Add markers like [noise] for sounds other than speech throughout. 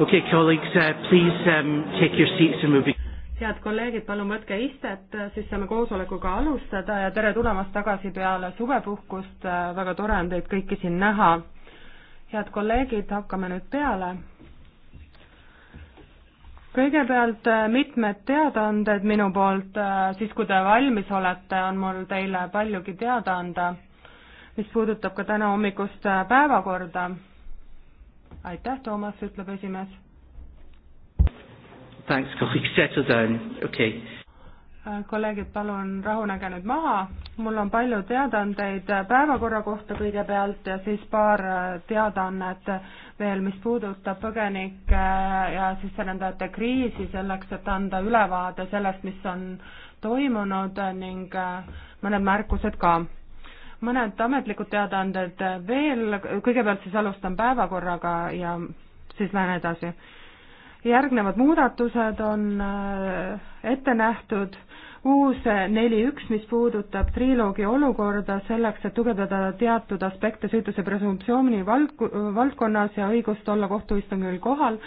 Okay, colleagues, uh, please um, take your seats and we'll be head kolleegid, palun võtke istet, siis saame koosolekuga alustada ja tere tulemast tagasi peale suvepuhkust, äh, väga tore on teid kõiki siin näha. head kolleegid, hakkame nüüd peale. kõigepealt äh, mitmed teadaanded minu poolt, äh, siis kui te valmis olete, on mul teile paljugi teada anda, mis puudutab ka täna hommikust päevakorda aitäh, Toomas, ütleb esimees. Thanks, colleague, settle down, okei okay äh, kolleegid, palun rahunege nüüd maha. mul on palju teadaandeid äh, päevakorra kohta kõigepealt ja siis paar äh, teadaannet veel, mis puudutab põgenike ja sisserändajate kriisi, selleks et anda ülevaade sellest, mis on toimunud ning mõned märkused ka mõned ametlikud teadaanded veel, kõigepealt siis alustan päevakorraga ja siis lähen edasi. järgnevad muudatused on äh, ette nähtud, uus neli üks, mis puudutab triloogi olukorda selleks, et tugevdada teatud aspekte süütuse presumptsiooni vald-, valdkonnas ja õigust olla kohtuistungil kohal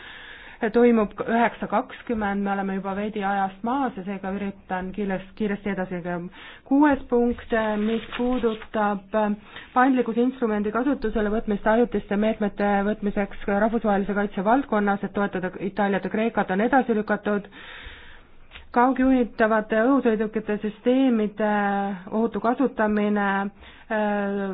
toimub üheksa kakskümmend, me oleme juba veidi ajast maas ja seega üritan kiiresti, kiiresti edasi käia. kuues punkt, mis puudutab paindlikkuse instrumendi kasutusele võtmist ajutiste meetmete võtmiseks rahvusvahelise kaitse valdkonnas, et toetada Itaaliat ja Kreekat, on edasi lükatud kaugjuhitavate õhusõidukite süsteemide ohutu kasutamine äh,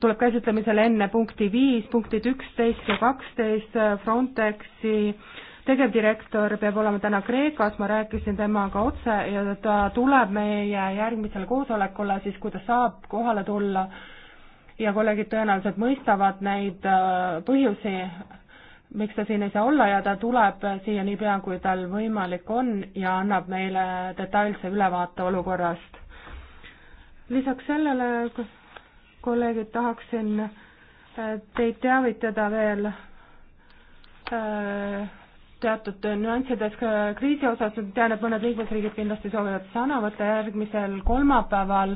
tuleb käsitlemisele enne punkti viis, punktid üksteist ja kaksteist Frontexi tegevdirektor peab olema täna Kreekas, ma rääkisin temaga otse ja ta tuleb meie järgmisele koosolekule siis, kui ta saab kohale tulla ja kolleegid tõenäoliselt mõistavad neid äh, põhjusi, miks ta siin ei saa olla ja ta tuleb siia niipea, kui tal võimalik on ja annab meile detailse ülevaate olukorrast. lisaks sellele, kolleegid, tahaksin äh, teid teavitada veel äh, teatud nüanssides ka kriisi osas, tean, et mõned liikmesriigid kindlasti soovivad sõna võtta, järgmisel kolmapäeval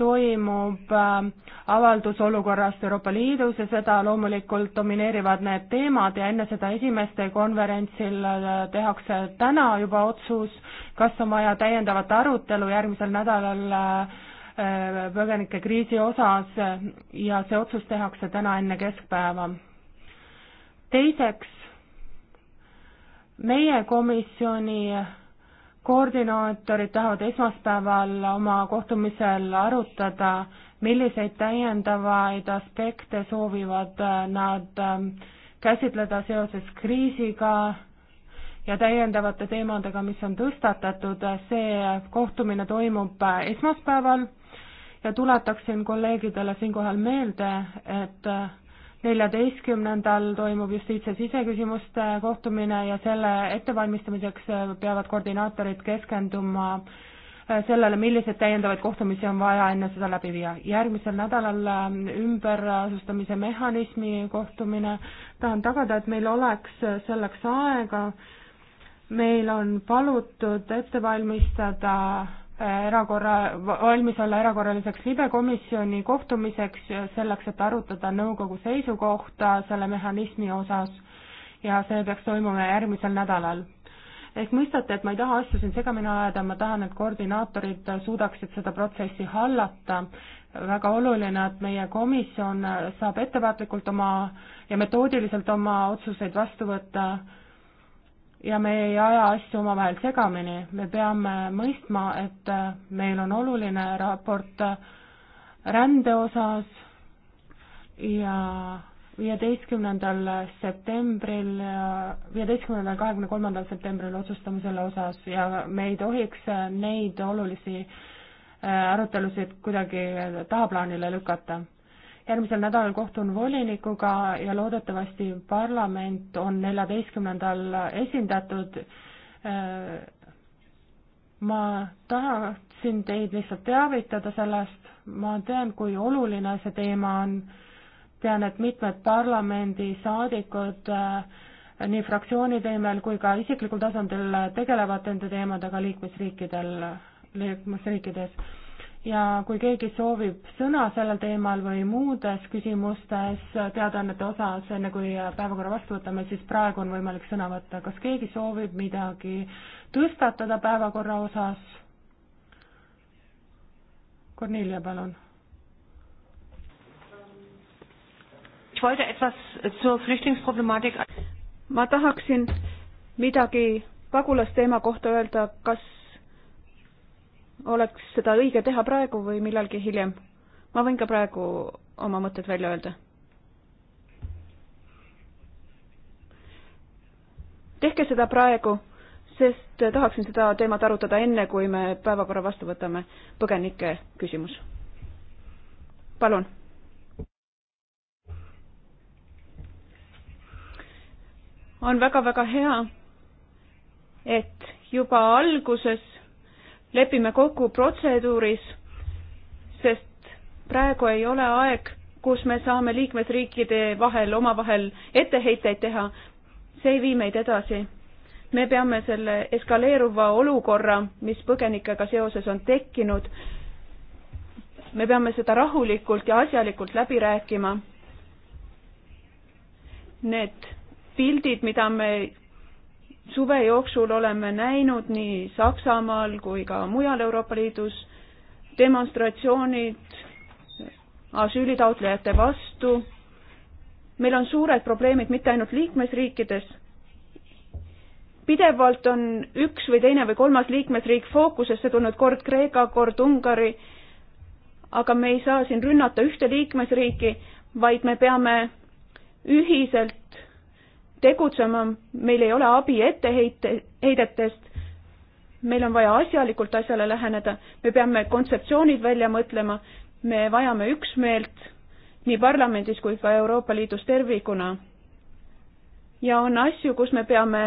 toimub äh, avaldus olukorrast Euroopa Liidus ja seda loomulikult domineerivad need teemad ja enne seda esimeste konverentsil äh, tehakse täna juba otsus, kas on vaja täiendavat arutelu järgmisel nädalal äh, põgenike kriisi osas ja see otsus tehakse täna enne keskpäeva. teiseks meie komisjoni koordinaatorid tahavad esmaspäeval oma kohtumisel arutada, milliseid täiendavaid aspekte soovivad nad ähm, käsitleda seoses kriisiga ja täiendavate teemadega, mis on tõstatatud, see kohtumine toimub esmaspäeval ja tuletaksin kolleegidele siinkohal meelde, et neljateistkümnendal toimub justiits- ja siseküsimuste kohtumine ja selle ettevalmistamiseks äh, peavad koordinaatorid keskenduma äh, sellele, milliseid täiendavaid kohtumisi on vaja enne seda läbi viia. järgmisel nädalal äh, ümberasustamise mehhanismi kohtumine, tahan tagada, et meil oleks selleks aega, meil on palutud ette valmistada erakorra, valmis olla erakorraliseks libekomisjoni kohtumiseks, selleks et arutada nõukogu seisukohta selle mehhanismi osas ja see peaks toimuma järgmisel nädalal. ehk mõistate, et ma ei taha asju siin segamini ajada, ma tahan, et koordinaatorid suudaksid seda protsessi hallata, väga oluline, et meie komisjon saab ettevaatlikult oma ja metoodiliselt oma otsuseid vastu võtta ja me ei aja asju omavahel segamini, me peame mõistma, et äh, meil on oluline raport äh, rände osas ja viieteistkümnendal septembril, viieteistkümnendal, kahekümne kolmandal septembril otsustame selle osas ja me ei tohiks äh, neid olulisi arutelusid kuidagi tahaplaanile lükata järgmisel nädalal kohtun volinikuga ja loodetavasti parlament on neljateistkümnendal esindatud. Äh, ma tahtsin teid lihtsalt teavitada sellest, ma tean, kui oluline see teema on, tean, et mitmed parlamendisaadikud äh, nii fraktsioonide nimel kui ka isiklikul tasandil tegelevad nende teemadega liikmesriikidel, liikmesriikides ja kui keegi soovib sõna sellel teemal või muudes küsimustes teadaannete osas, enne kui päevakorra vastu võtame, siis praegu on võimalik sõna võtta. kas keegi soovib midagi tõstatada päevakorra osas? Kornelia, palun. ma tahaksin midagi pagulasteema kohta öelda, kas oleks seda õige teha praegu või millalgi hiljem? ma võin ka praegu oma mõtted välja öelda. tehke seda praegu, sest tahaksin seda teemat arutada enne, kui me päevakorra vastu võtame. põgenike küsimus. palun. on väga-väga hea, et juba alguses lepime kokku protseduuris, sest praegu ei ole aeg, kus me saame liikmesriikide vahel omavahel etteheiteid teha. see ei vii meid edasi. me peame selle eskaleeruva olukorra, mis põgenikega seoses on tekkinud, me peame seda rahulikult ja asjalikult läbi rääkima. Need pildid, mida me suve jooksul oleme näinud nii Saksamaal kui ka mujal Euroopa Liidus demonstratsioonid asüülitaotlejate vastu. meil on suured probleemid mitte ainult liikmesriikides, pidevalt on üks või teine või kolmas liikmesriik fookusesse tulnud, kord Kreeka, kord Ungari, aga me ei saa siin rünnata ühte liikmesriiki, vaid me peame ühiselt tegutsema, meil ei ole abi etteheite, heidetest, meil on vaja asjalikult asjale läheneda, me peame kontseptsioonid välja mõtlema, me vajame üksmeelt nii parlamendis kui ka Euroopa Liidus tervikuna. ja on asju, kus me peame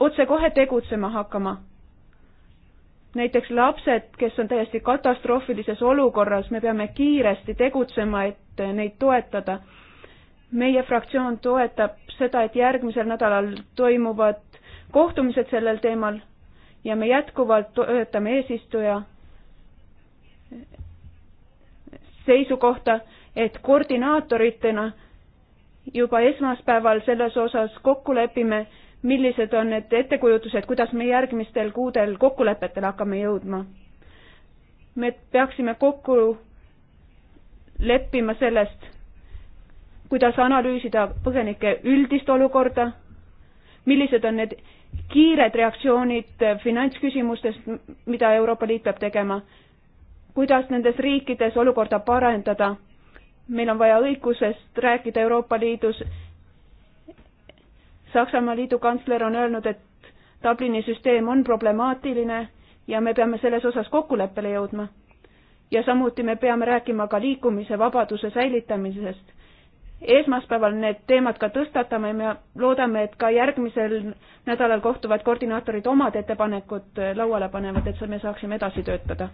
otsekohe tegutsema hakkama. näiteks lapsed, kes on täiesti katastroofilises olukorras, me peame kiiresti tegutsema, et neid toetada meie fraktsioon toetab seda, et järgmisel nädalal toimuvad kohtumised sellel teemal ja me jätkuvalt toetame eesistuja seisukohta, et koordinaatoritena juba esmaspäeval selles osas kokku lepime, millised on need ettekujutused, kuidas me järgmistel kuudel kokkulepetele hakkame jõudma. me peaksime kokku leppima sellest, kuidas analüüsida põgenike üldist olukorda, millised on need kiired reaktsioonid finantsküsimustes, mida Euroopa Liit peab tegema, kuidas nendes riikides olukorda parendada. meil on vaja õigusest rääkida Euroopa Liidus. Saksamaa liidu kantsler on öelnud, et Dublini süsteem on problemaatiline ja me peame selles osas kokkuleppele jõudma. ja samuti me peame rääkima ka liikumise vabaduse säilitamisest esmaspäeval need teemad ka tõstatame, me loodame, et ka järgmisel nädalal kohtuvad koordinaatorid omad ettepanekud lauale panevad, et me saaksime edasi töötada.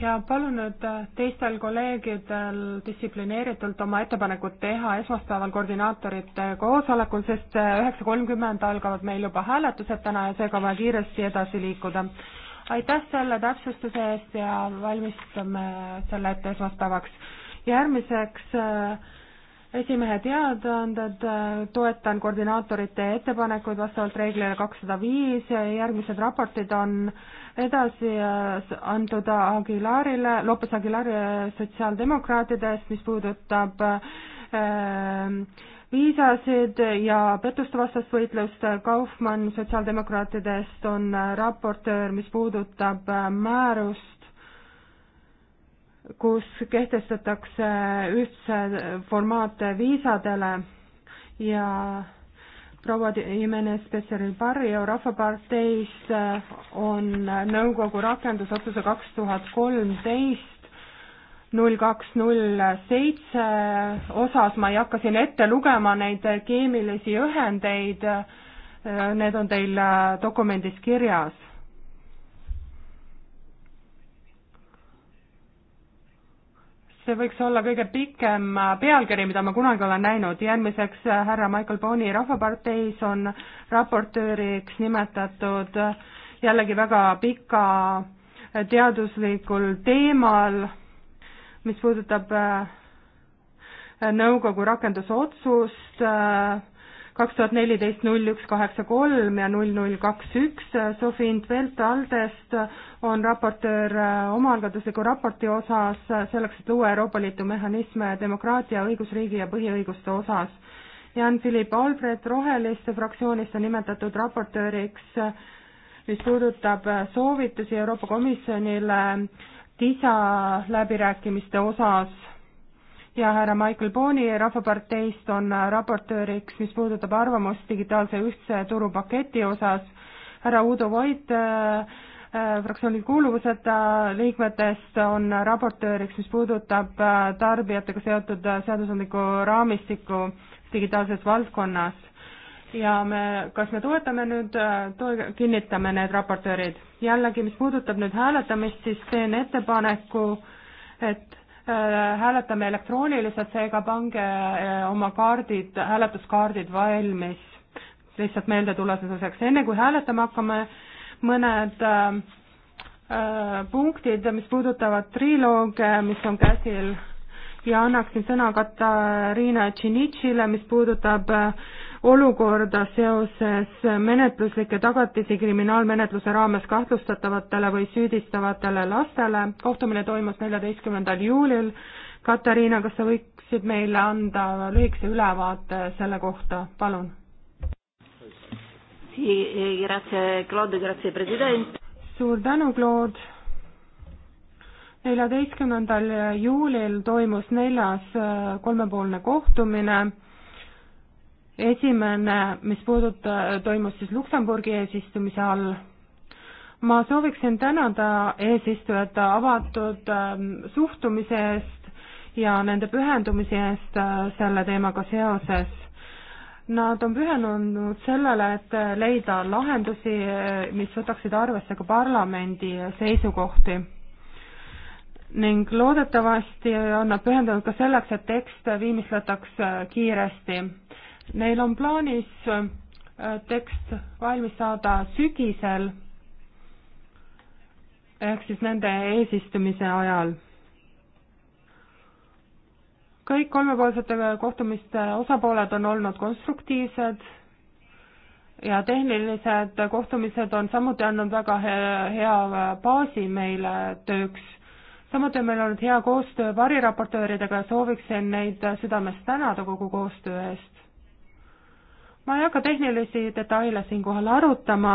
ja palun nüüd teistel kolleegidel distsiplineeritult oma ettepanekud teha esmaspäeval koordinaatorite koosolekul, sest üheksa kolmkümmend algavad meil juba hääletused täna ja seega on vaja kiiresti edasi liikuda aitäh selle täpsustuse eest ja valmistame selle ette esmaspäevaks järgmiseks äh, esimehe teadaanded, äh, toetan koordinaatorite ettepanekuid vastavalt reeglile kakssada viis, järgmised raportid on edasi äh, antud Aguilarile, Lopes Aguilarile sotsiaaldemokraatidest, mis puudutab äh, viisasid ja pettuste vastast võitlust. Kaufmann sotsiaaldemokraatidest on raportöör, mis puudutab määrust kus kehtestatakse ühtse formaat viisadele ja proua Jimenez Pesseril Barrio Rahvaparteist äh, on nõukogu rakendusotsuse kaks tuhat kolmteist null kaks null seitse osas, ma ei hakka siin ette lugema neid keemilisi ühendeid, äh, need on teil äh, dokumendis kirjas see võiks olla kõige pikem äh, pealkiri, mida ma kunagi olen näinud. järgmiseks äh, härra Michael Boni Rahvaparteis on raportööriks nimetatud äh, jällegi väga pika teaduslikul teemal, mis puudutab nõukogu rakendusotsust äh, kaks tuhat neliteist null üks kaheksa kolm ja null null kaks üks. Sofi Intvelt Aldest on raportöör äh, omaalgatusliku raporti osas äh, selleks, et luua Euroopa Liidu mehhanisme demokraatia, õigusriigi ja põhiõiguste osas. Jan-Philipp Albrecht Roheliste fraktsioonist on nimetatud raportööriks, äh, mis puudutab soovitusi Euroopa Komisjonile TISA läbirääkimiste osas ja härra Michael Boni Rahvaparteist on raportööriks, mis puudutab arvamust digitaalse ühtse turupaketi osas, härra Udo Voit äh, äh, fraktsioonil kuuluvuseta liikmetest on raportööriks, mis puudutab äh, tarbijatega seotud seadusandliku raamistiku digitaalses valdkonnas. ja me, kas me toetame nüüd, äh, kinnitame need raportöörid. jällegi, mis puudutab nüüd hääletamist, siis teen ettepaneku, et Äh, hääletame elektrooniliselt, seega pange äh, oma kaardid, hääletuskaardid valmis. lihtsalt meelde tuletuseks, enne kui hääletama hakkame, mõned äh, äh punktid, mis puudutavad trilooge, mis on käsil ja annaksin sõna Katariina Tšinitšile, mis puudutab äh, olukorda seoses menetluslike tagatisi kriminaalmenetluse raames kahtlustatavatele või süüdistavatele lastele. kohtumine toimus neljateistkümnendal juulil. Katariina, kas sa võiksid meile anda lühikese ülevaate selle kohta, palun? Eh, suur tänu, Claude neljateistkümnendal juulil toimus neljas eh, kolmepoolne kohtumine esimene, mis puuduta, toimus siis Luksemburgi eesistumise all. ma sooviksin tänada eesistujat avatud ähm, suhtumise eest ja nende pühendumise eest äh, selle teemaga seoses. Nad on pühendunud sellele, et leida lahendusi, äh, mis võtaksid arvesse ka parlamendi seisukohti. ning loodetavasti on nad pühendunud ka selleks, et tekst viimistletaks äh, kiiresti Neil on plaanis äh, tekst valmis saada sügisel ehk siis nende eesistumise ajal. kõik kolmepoolsete kohtumiste osapooled on olnud konstruktiivsed ja tehnilised kohtumised on samuti andnud väga hea, hea baasi meile tööks. samuti on meil olnud hea koostöö variraportööridega ja sooviksin neid südamest tänada kogu koostöö eest ma ei hakka tehnilisi detaile siinkohal arutama,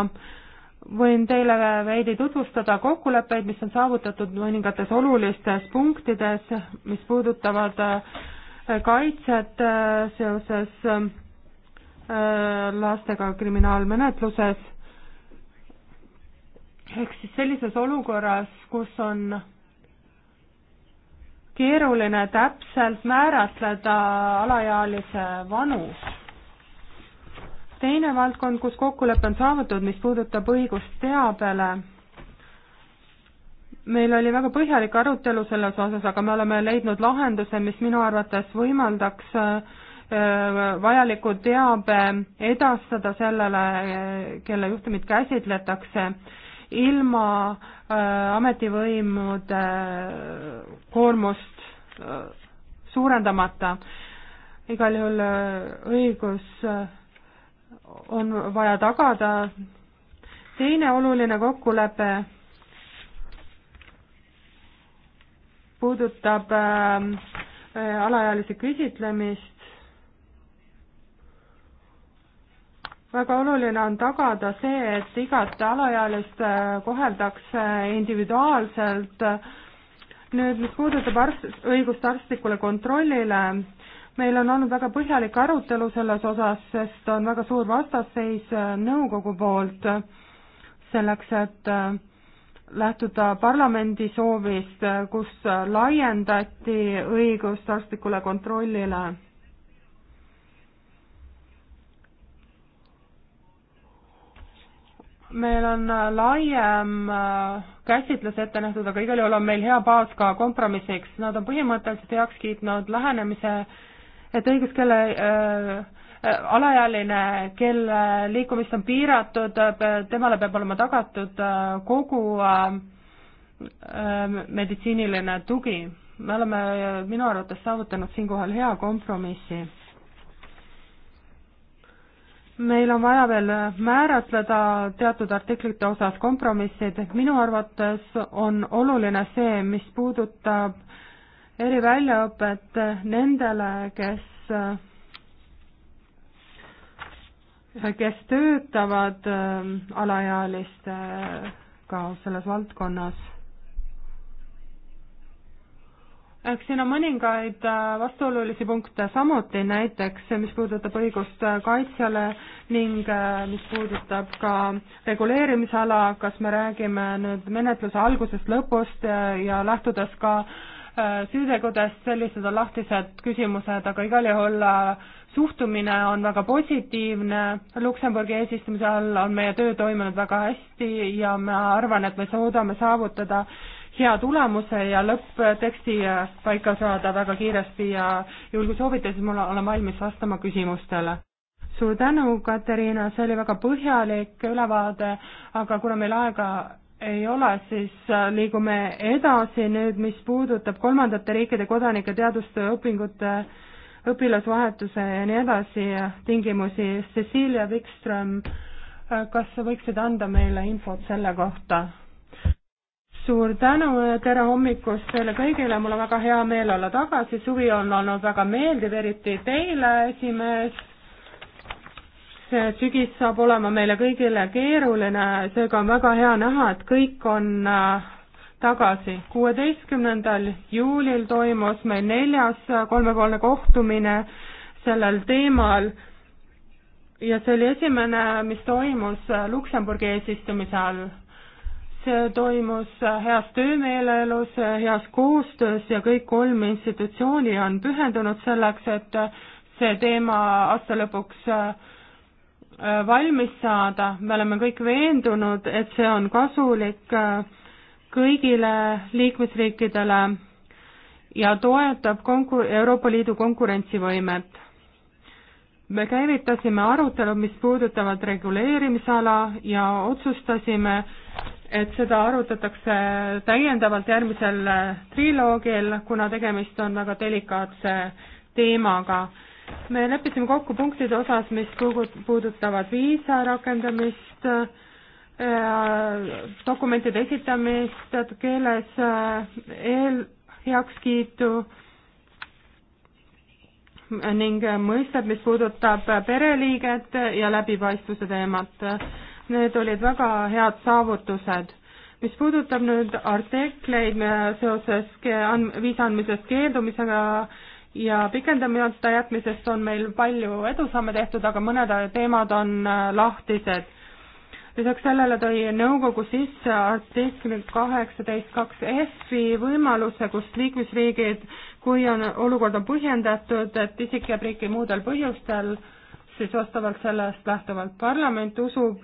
võin teile veidi tutvustada kokkuleppeid, mis on saavutatud mõningates olulistes punktides, mis puudutavad äh, kaitset äh, seoses äh, lastega kriminaalmenetluses. ehk siis sellises olukorras, kus on keeruline täpselt määratleda alaealise vanust teine valdkond, kus kokkulepe on saavutatud, mis puudutab õigust teabele, meil oli väga põhjalik arutelu selles osas, aga me oleme leidnud lahenduse, mis minu arvates võimaldaks äh, äh, vajaliku teabe edastada sellele, äh, kelle juhtumit käsitletakse, ilma ametivõimude koormust suurendamata. igal juhul õigus on vaja tagada. teine oluline kokkulepe puudutab ähm, äh, alaealise küsitlemist. väga oluline on tagada see, et igat alaealist äh, koheldakse individuaalselt. nüüd, mis puudutab arst, õigust arstlikule kontrollile, meil on olnud väga põhjalik arutelu selles osas, sest on väga suur vastasseis äh, nõukogu poolt selleks, et äh, lähtuda parlamendi soovist, äh, kus laiendati õigust arstlikule kontrollile. meil on laiem käsitlus ette nähtud, aga igal juhul on meil hea baas ka kompromissiks, nad on põhimõtteliselt heaks kiitnud lähenemise äh, et õigus, kelle äh, äh, alaealine, kelle liikumist on piiratud, temale peab olema tagatud äh, kogu äh, äh meditsiiniline tugi. me oleme äh, minu arvates saavutanud siinkohal hea kompromissi. meil on vaja veel määratleda teatud artiklite osas kompromissid, minu arvates on oluline see, mis puudutab äh, eriväljaõpet nendele, kes, kes töötavad ähm, alaealistega selles valdkonnas. ehk siin on mõningaid äh, vastuolulisi punkte samuti, näiteks mis puudutab õigust äh, kaitsjale ning äh, mis puudutab ka reguleerimisala, kas me räägime nüüd menetluse algusest, lõpust ja lähtudes ka äh, Äh, süütegudest, sellised on lahtised küsimused, aga igal juhul äh, suhtumine on väga positiivne, Luksemburgi eesistumise all on meie töö toimunud väga hästi ja ma arvan, et me suudame saavutada hea tulemuse ja lõppteksti äh, paika saada väga kiiresti ja juhul kui soovite, siis mul olen valmis vastama küsimustele. suur tänu, Katariina, see oli väga põhjalik ülevaade, aga kuna meil aega ei ole, siis äh, liigume edasi nüüd, mis puudutab kolmandate riikide kodanike teadustöö õpingute õpilasvahetuse ja nii edasi tingimusi. Cecilia Wikström, äh, kas sa võiksid anda meile infot selle kohta? suur tänu ja tere hommikust teile kõigile, mul on väga hea meel olla tagasi, suvi on olnud väga meeldiv, eriti teile, esimees see sügis saab olema meile kõigile keeruline, seega on väga hea näha, et kõik on äh, tagasi. kuueteistkümnendal juulil toimus meil neljas äh, kolmepoolne kohtumine sellel teemal ja see oli esimene, mis toimus äh, Luksemburgi eesistumise all. see toimus heas töömeeleelus, heas koostöös ja kõik kolm institutsiooni on pühendunud selleks, et see teema aasta lõpuks äh, Äh, valmis saada, me oleme kõik veendunud, et see on kasulik äh, kõigile liikmesriikidele ja toetab konku-, Euroopa Liidu konkurentsivõimet. me käivitasime arutelud, mis puudutavad reguleerimisala ja otsustasime, et seda arutatakse täiendavalt järgmisel triloogil, kuna tegemist on väga delikaatse teemaga me leppisime kokku punktide osas, mis puudutavad viisa rakendamist, äh, dokumentide esitamist teatud keeles, äh, eelheakskiitu ning mõisted, mis puudutab pereliiget ja läbipaistvuse teemat. Need olid väga head saavutused. mis puudutab nüüd artikleid äh, seoses viisa andmisest keeldumisega, ja pikendamata jätmisest on meil palju edusamme tehtud, aga mõned teemad on äh, lahtised lisaks sellele tõi nõukogu sisse artikli kaheksateist kaks F-i võimaluse, kus liikmesriigid, kui on, olukord on põhjendatud, et isik jääb riiki muudel põhjustel, siis vastavalt sellest lähtuvalt parlament usub,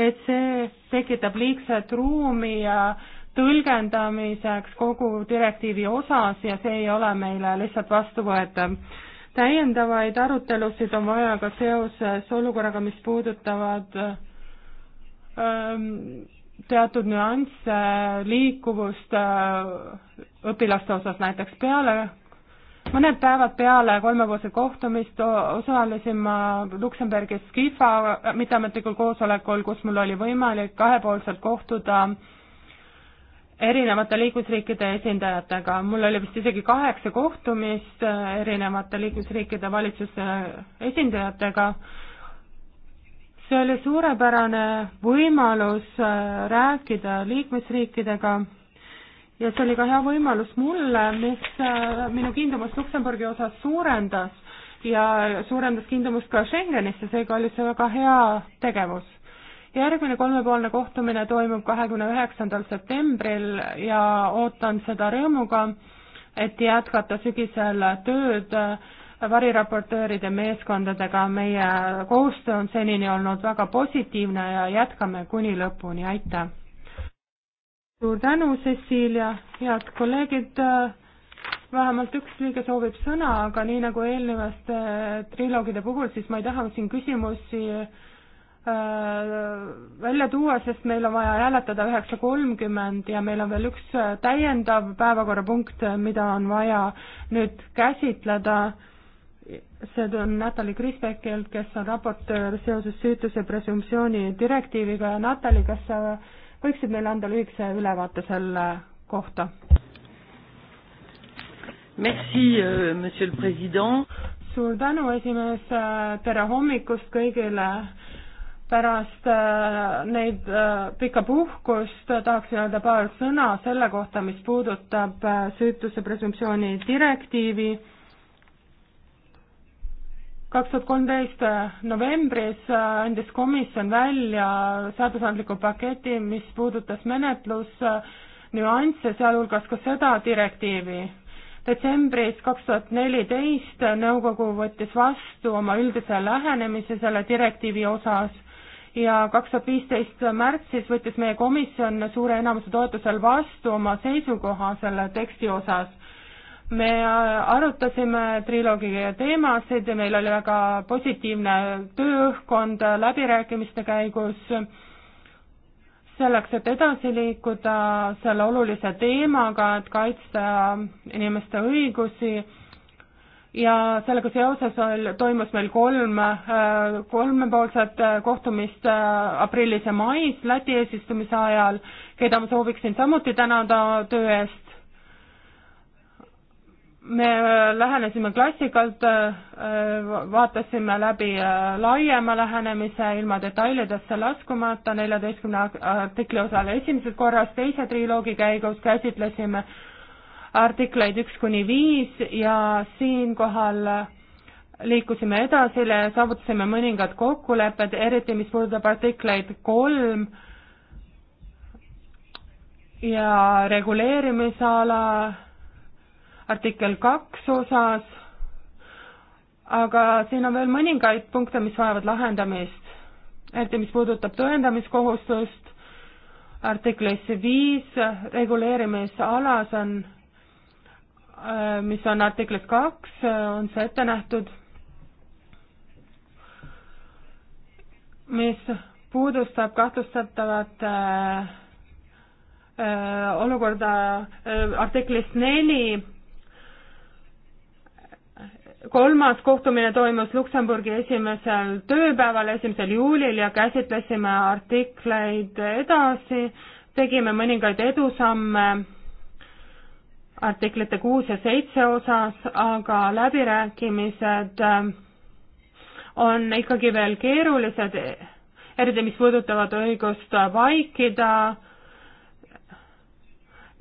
et see tekitab liigset ruumi ja äh, tõlgendamiseks kogu direktiivi osas ja see ei ole meile lihtsalt vastuvõetav. täiendavaid arutelusid on vaja ka seoses olukorraga, mis puudutavad ähm, teatud nüansse, liikuvust äh, õpilaste osas näiteks peale, mõned päevad peale kolmepoolset kohtumist osalesin ma Luksemburgis Skifa mitteametlikul koosolekul, kus mul oli võimalik kahepoolselt kohtuda äh, erinevate liikmesriikide esindajatega, mul oli vist isegi kaheksa kohtumist äh, erinevate liikmesriikide valitsuse esindajatega, see oli suurepärane võimalus äh, rääkida liikmesriikidega ja see oli ka hea võimalus mulle, mis äh, minu kindlumust Luksemburgi osas suurendas ja suurendas kindlumust ka Schengenisse, seega oli see väga hea tegevus järgmine kolmepoolne kohtumine toimub kahekümne üheksandal septembril ja ootan seda rõõmuga, et jätkata sügisel tööd variraportööride meeskondadega, meie koostöö on senini olnud väga positiivne ja jätkame kuni lõpuni, aitäh! suur tänu, Cecilia, head kolleegid, vähemalt üks liige soovib sõna, aga nii nagu eelnevast triloogide puhul, siis ma ei taha siin küsimusi Äh, välja tuua, sest meil on vaja hääletada üheksa kolmkümmend ja meil on veel üks äh, täiendav päevakorrapunkt, äh, mida on vaja nüüd käsitleda. see on Natali Krisbekilt, kes on raportöör seoses süütuse presumptsiooni direktiiviga ja Natali, kas sa võiksid meile anda lühikese ülevaate selle kohta? Merci, euh, monsieur le president. suur tänu, esimees, tere hommikust kõigile pärast äh, neid äh, pika puhkust äh, tahaksin öelda paar sõna selle kohta, mis puudutab süütuse presumptsiooni direktiivi. kaks tuhat kolmteist novembris andis komisjon välja seadusandliku paketi, mis puudutas menetlusnüansse, sealhulgas ka seda direktiivi detsembris kaks tuhat neliteist nõukogu võttis vastu oma üldise lähenemise selle direktiivi osas ja kaks tuhat viisteist märtsis võttis meie komisjon suure enamuse toetusel vastu oma seisukoha selle teksti osas. me arutasime triloogi teemasid ja meil oli väga positiivne tööõhkkond läbirääkimiste käigus selleks, et edasi liikuda selle olulise teemaga, et kaitsta inimeste õigusi ja sellega seoses toimus meil kolm, äh, kolmepoolset äh, kohtumist äh, aprillis ja mais Läti eesistumise ajal, keda ma sooviksin samuti tänada töö eest. me lähenesime klassikalt, vaatasime läbi laiema lähenemise ilma detailidesse laskumata, neljateistkümne artikli osale esimesel korras, teise triloogi käigus käsitlesime artikleid üks kuni viis ja siinkohal liikusime edasi, saavutasime mõningad kokkulepped, eriti mis puudutab artikleid kolm ja reguleerimisala artikkel kaks osas, aga siin on veel mõningaid punkte, mis vajavad lahendamist, eriti mis puudutab tõendamiskohustust, artiklis viis reguleerimisalas on Äh, mis on artiklis kaks, äh, on see ette nähtud, mis puudustab kahtlustatavate äh, olukorda artiklis neli, kolmas kohtumine toimus Luksemburgi esimesel tööpäeval, esimesel juulil ja käsitlesime artikleid edasi, tegime mõningaid edusamme artiklite kuus ja seitse osas, aga läbirääkimised äh, on ikkagi veel keerulised, eriti mis puudutavad õigust vaikida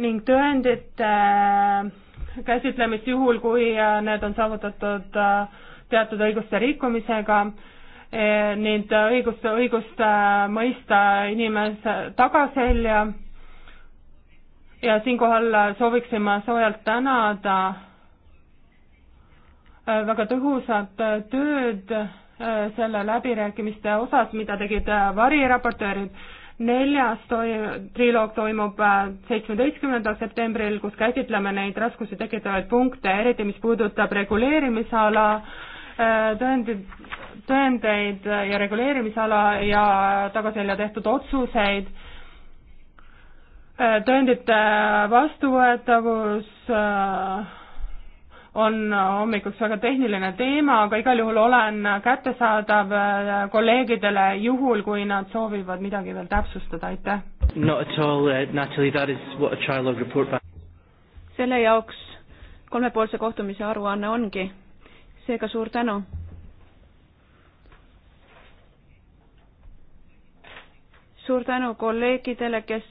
ning tõendite äh, käsitlemist juhul, kui äh, need on saavutatud teatud õiguste rikkumisega, nüüd õigust, õigust mõista inimese tagaselja ja siinkohal äh, sooviksin ma soojalt tänada äh, väga tõhusat äh, tööd selle läbirääkimiste osas, mida tegid variraportöörid. neljas toi-, triloog toimub seitsmeteistkümnendal septembril, kus käsitleme neid raskusi tekitavaid punkte, eriti mis puudutab reguleerimisala tõendid, tõendeid ja reguleerimisala ja tagaselja tehtud otsuseid tõendite vastuvõetavus äh, on hommikuks väga tehniline teema, aga igal juhul olen kättesaadav äh, kolleegidele juhul, kui nad soovivad midagi veel täpsustada, aitäh. Uh, selle jaoks kolmepoolse kohtumise aruanne ongi, seega suur tänu. suur tänu kolleegidele, kes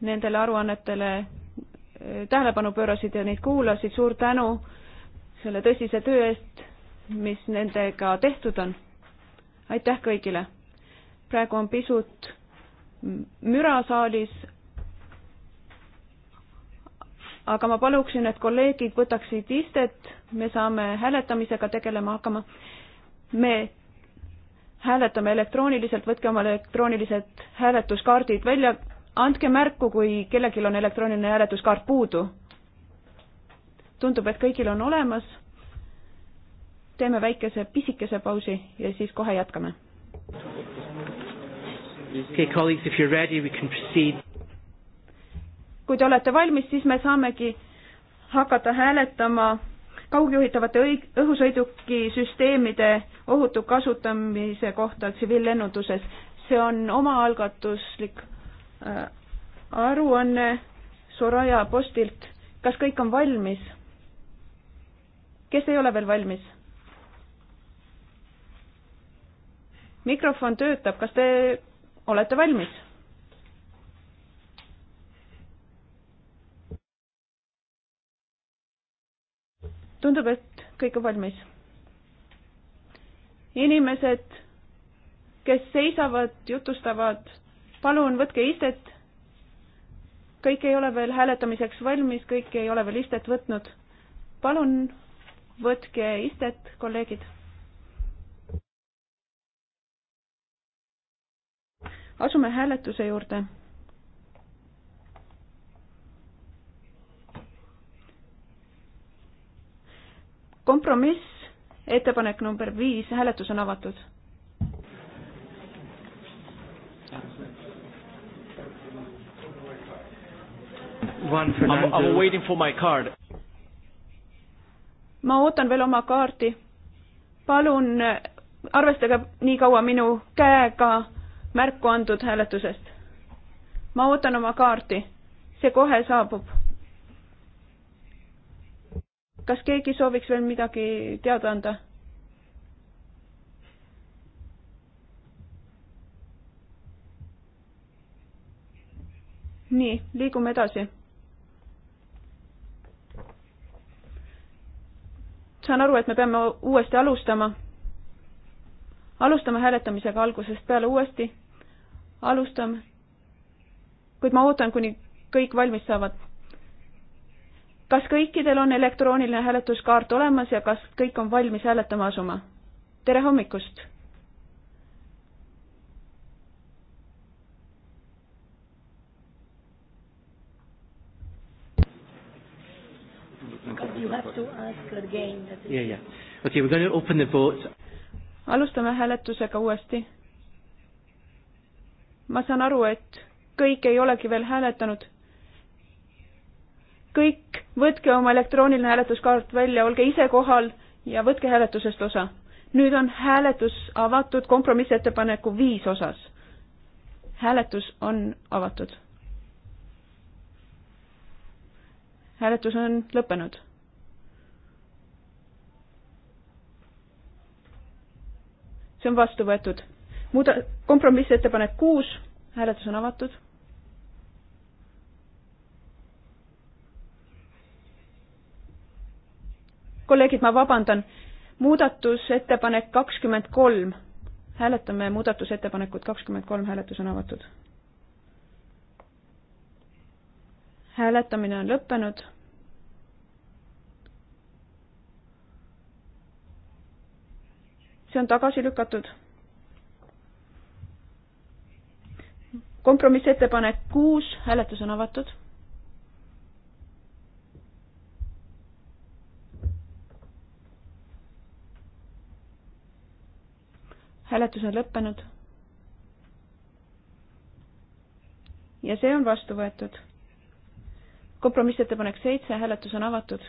nendele aruannetele eh, tähelepanu pöörasid ja neid kuulasid, suur tänu selle tõsise töö eest, mis nendega tehtud on. aitäh kõigile! praegu on pisut müra saalis, aga ma paluksin, et kolleegid võtaksid istet, me saame hääletamisega tegelema hakkama. me hääletame elektrooniliselt, võtke oma elektroonilised hääletuskaardid välja andke märku, kui kellelgi on elektrooniline hääletuskaart puudu. tundub, et kõigil on olemas. teeme väikese pisikese pausi ja siis kohe jätkame. Okay, colleagues, if you're ready, we can proceed. kui te olete valmis, siis me saamegi hakata hääletama kaugjuhitavate õig-, õhusõidukisüsteemide ohutu kasutamise kohta tsiviillennunduses. see on omaalgatuslik Äh, aruanne Soraya postilt. kas kõik on valmis? kes ei ole veel valmis? mikrofon töötab, kas te olete valmis? tundub, et kõik on valmis. inimesed, kes seisavad, jutustavad palun võtke istet. kõik ei ole veel hääletamiseks valmis, kõik ei ole veel istet võtnud. palun võtke istet, kolleegid. asume hääletuse juurde. kompromiss, ettepanek number viis, hääletus on avatud Juan Fernando. I'm, I'm waiting for my card. ma ootan veel oma kaarti. palun äh, arvestage nii kaua minu käega märku antud hääletusest. ma ootan oma kaarti. see kohe saabub. kas keegi sooviks veel midagi teada anda? nii, liigume edasi saan aru, et me peame uuesti alustama. alustame hääletamisega algusest peale uuesti. alustame. kuid ma ootan, kuni kõik valmis saavad. kas kõikidel on elektrooniline hääletuskaart olemas ja kas kõik on valmis hääletama asuma? tere hommikust But you have to ask again. That is... Yeah, yeah. Okay, we're going to open the vote. alustame hääletusega uuesti. ma saan aru, et kõik ei olegi veel hääletanud. kõik, võtke oma elektrooniline hääletuskaart välja, olge ise kohal ja võtke hääletusest osa. nüüd on hääletus avatud kompromissettepaneku viis osas. hääletus on avatud hääletus on lõppenud. see on vastu võetud. muuda-, kompromissettepanek kuus, hääletus on avatud. kolleegid, ma vabandan, muudatusettepanek kakskümmend kolm, hääletame muudatusettepanekut kakskümmend kolm, hääletus on avatud hääletamine on lõppenud. see on tagasi lükatud. kompromissettepanek kuus, hääletus on avatud hääletus on lõppenud. ja see on vastu võetud kompromissettepanek seitse, hääletus on avatud.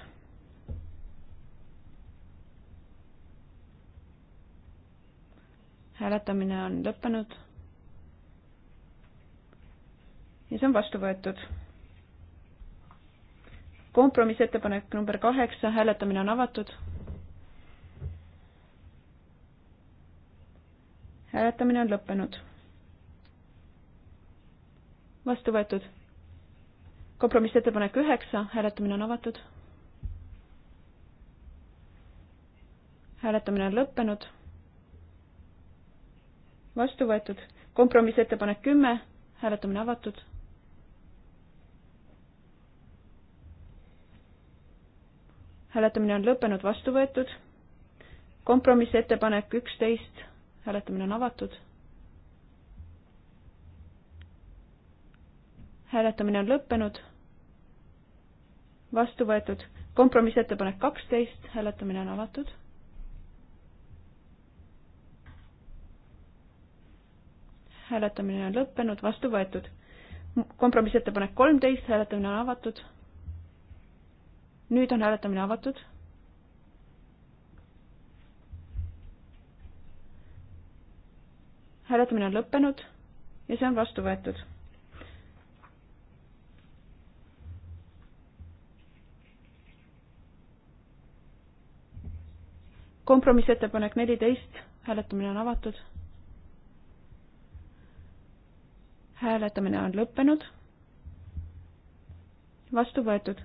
hääletamine on lõppenud. ja see on vastu võetud. kompromissettepanek number kaheksa, hääletamine on avatud. hääletamine on lõppenud. vastu võetud kompromissettepanek üheksa, hääletamine on avatud. hääletamine on lõppenud. vastu võetud. kompromissettepanek kümme, hääletamine avatud. hääletamine on lõppenud, vastu võetud. kompromissettepanek üksteist, hääletamine on avatud hääletamine on lõppenud. vastu võetud kompromissettepanek kaksteist, hääletamine on avatud. hääletamine on lõppenud, vastu võetud. kompromissettepanek kolmteist, hääletamine on avatud. nüüd on hääletamine avatud. hääletamine on lõppenud ja see on vastu võetud kompromissettepanek neliteist, hääletamine on avatud. hääletamine on lõppenud. vastu võetud.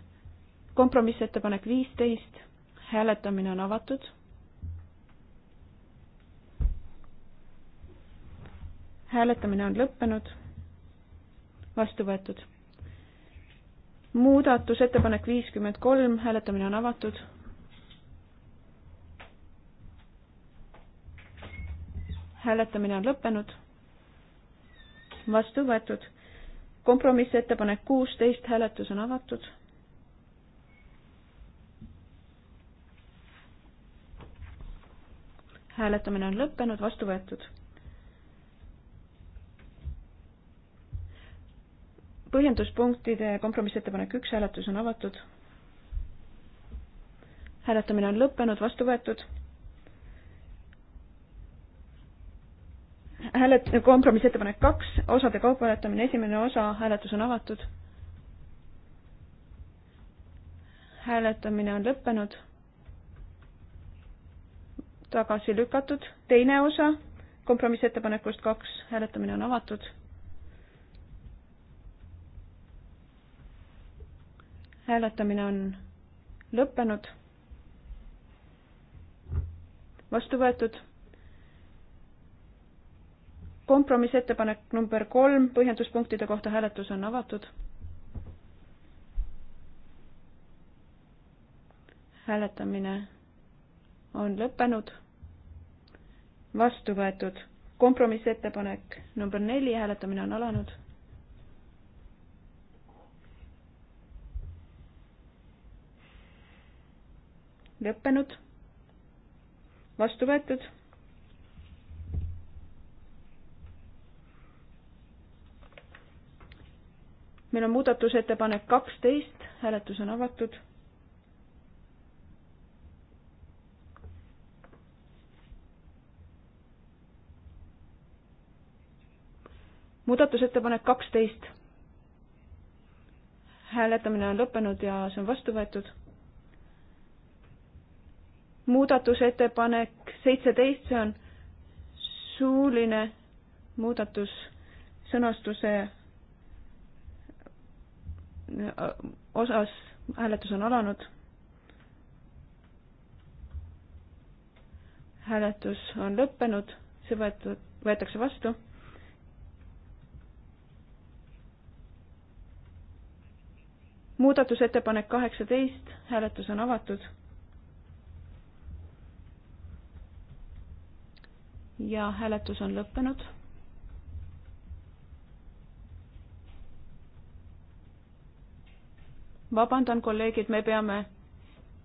kompromissettepanek viisteist, hääletamine on avatud. hääletamine on lõppenud. vastu võetud. muudatusettepanek viiskümmend kolm, hääletamine on avatud hääletamine on lõppenud. vastu võetud. kompromissettepanek kuusteist, hääletus on avatud. hääletamine on lõppenud, vastu võetud. põhjenduspunktide kompromissettepanek üks, hääletus on avatud. hääletamine on lõppenud, vastu võetud hääled, kompromissettepanek kaks, osade kaupa hääletamine, esimene osa, hääletus on avatud. hääletamine on lõppenud. tagasi lükatud, teine osa kompromissettepanekust kaks, hääletamine on avatud. hääletamine on lõppenud. vastu võetud kompromissettepanek number kolm põhjenduspunktide kohta hääletus on avatud. hääletamine on lõppenud. vastu võetud kompromissettepanek number neli, hääletamine on alanud. lõppenud. vastu võetud meil on muudatusettepanek kaksteist, hääletus on avatud. muudatusettepanek kaksteist. hääletamine on lõppenud ja see on vastu võetud. muudatusettepanek seitseteist, see on suuline muudatus sõnastuse osas hääletus on alanud. hääletus on lõppenud, see võetud, võetakse vastu. muudatusettepanek kaheksateist, hääletus on avatud. ja hääletus on lõppenud vabandan, kolleegid, me peame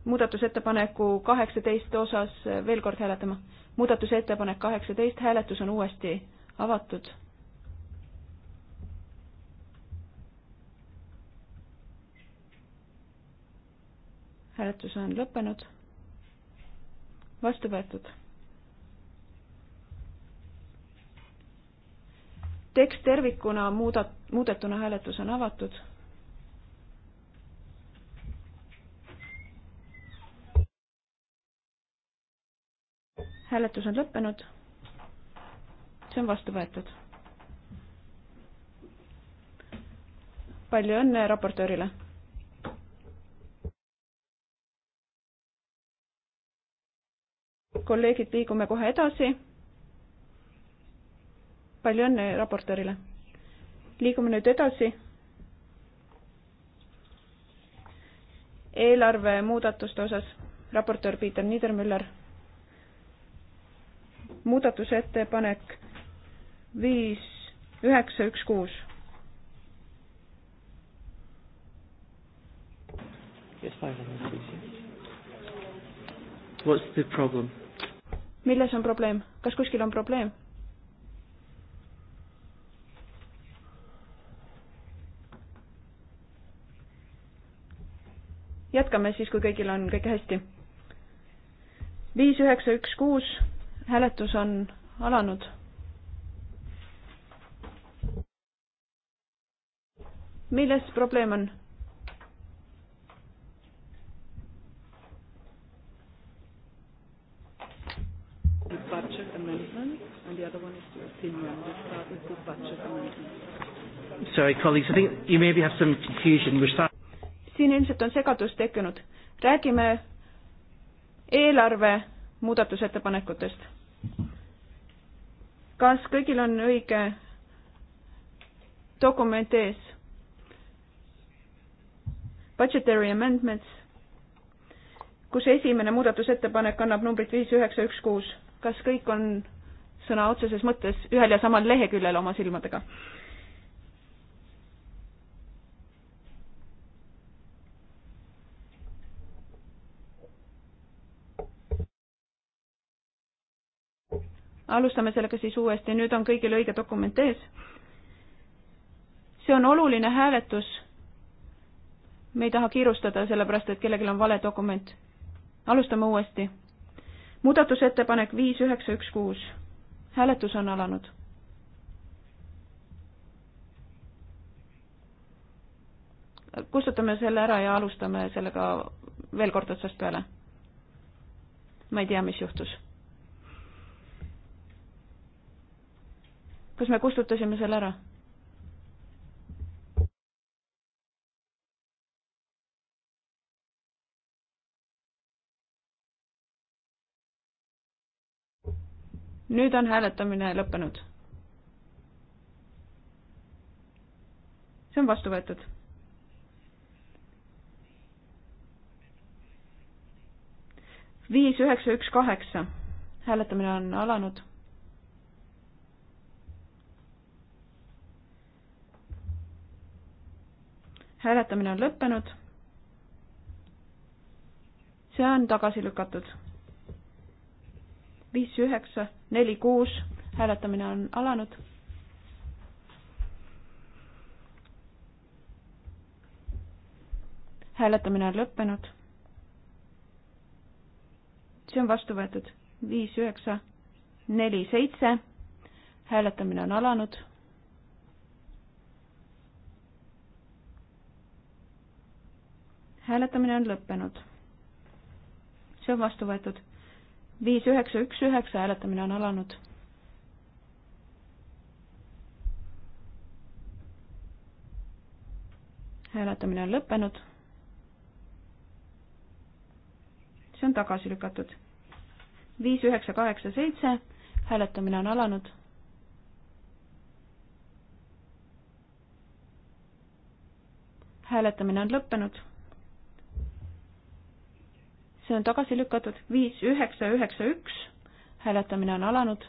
muudatusettepaneku kaheksateist osas veel kord hääletama. muudatusettepanek kaheksateist, hääletus on uuesti avatud. hääletus on lõppenud. vastu võetud. tekst tervikuna muudat-, muudetuna hääletus on avatud hääletus on lõppenud. see on vastu võetud. palju õnne raportöörile. kolleegid, liigume kohe edasi. palju õnne raportöörile. liigume nüüd edasi eelarve muudatuste osas raportöör Peter Niedermüller muudatusettepanek viis üheksa üks kuus. What's the problem? milles on probleem, kas kuskil on probleem? jätkame siis, kui kõigil on kõik hästi. viis, üheksa, üks, kuus hääletus on alanud. milles probleem on? the budget amendment, and the other one is the opinion. Let's start with the budget amendment. Sorry, colleagues, I think you maybe have some confusion. We're start- siin ilmselt on segadus tekkinud. räägime eelarve muudatusettepanekutest kas kõigil on õige dokument ees? Budgetary amendments, kus esimene muudatusettepanek annab numbrit viis üheksa üks kuus. kas kõik on sõna otseses mõttes ühel ja samal leheküljel oma silmadega? alustame sellega siis uuesti, nüüd on kõigil õige dokument ees. see on oluline hääletus. me ei taha kiirustada, sellepärast et kellelgi on vale dokument. alustame uuesti. muudatusettepanek viis üheksa üks kuus. hääletus on alanud. kustutame selle ära ja alustame sellega veel kord otsast peale. ma ei tea, mis juhtus kas me kustutasime selle ära? nüüd on hääletamine lõppenud. see on vastu võetud. viis üheksa üks kaheksa. hääletamine on alanud hääletamine on lõppenud. see on tagasi lükatud. viis, üheksa, neli, kuus, hääletamine on alanud. hääletamine on lõppenud. see on vastu võetud. viis, üheksa, neli, seitse, hääletamine on alanud hääletamine on lõppenud. see on vastu võetud. viis üheksa üks üheksa hääletamine on alanud. hääletamine on lõppenud. see on tagasi lükatud. viis üheksa kaheksa seitse hääletamine on alanud hääletamine on lõppenud see on tagasi lükatud, viis üheksa üheksa üks, hääletamine on alanud.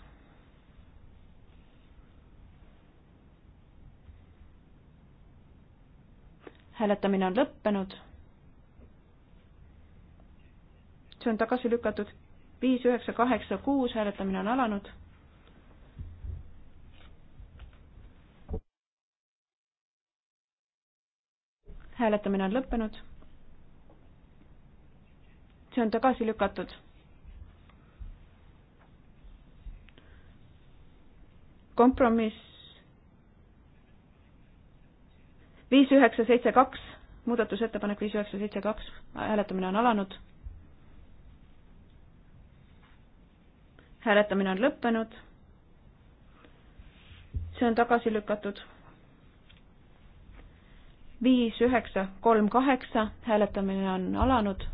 hääletamine on lõppenud. see on tagasi lükatud, viis üheksa kaheksa kuus, hääletamine on alanud hääletamine on lõppenud see on tagasi lükatud. kompromiss viis üheksa seitse kaks, muudatusettepanek viis üheksa seitse kaks, hääletamine on alanud. hääletamine on lõppenud. see on tagasi lükatud. viis üheksa kolm kaheksa, hääletamine on alanud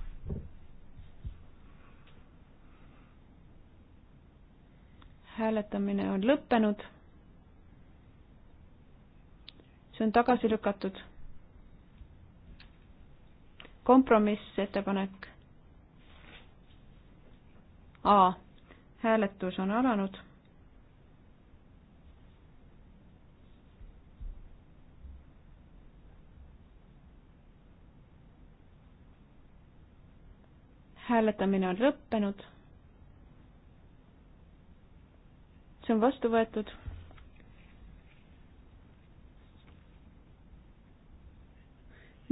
hääletamine on lõppenud. see on tagasi lükatud. kompromissettepanek A. hääletus on alanud. hääletamine on lõppenud see on vastu võetud.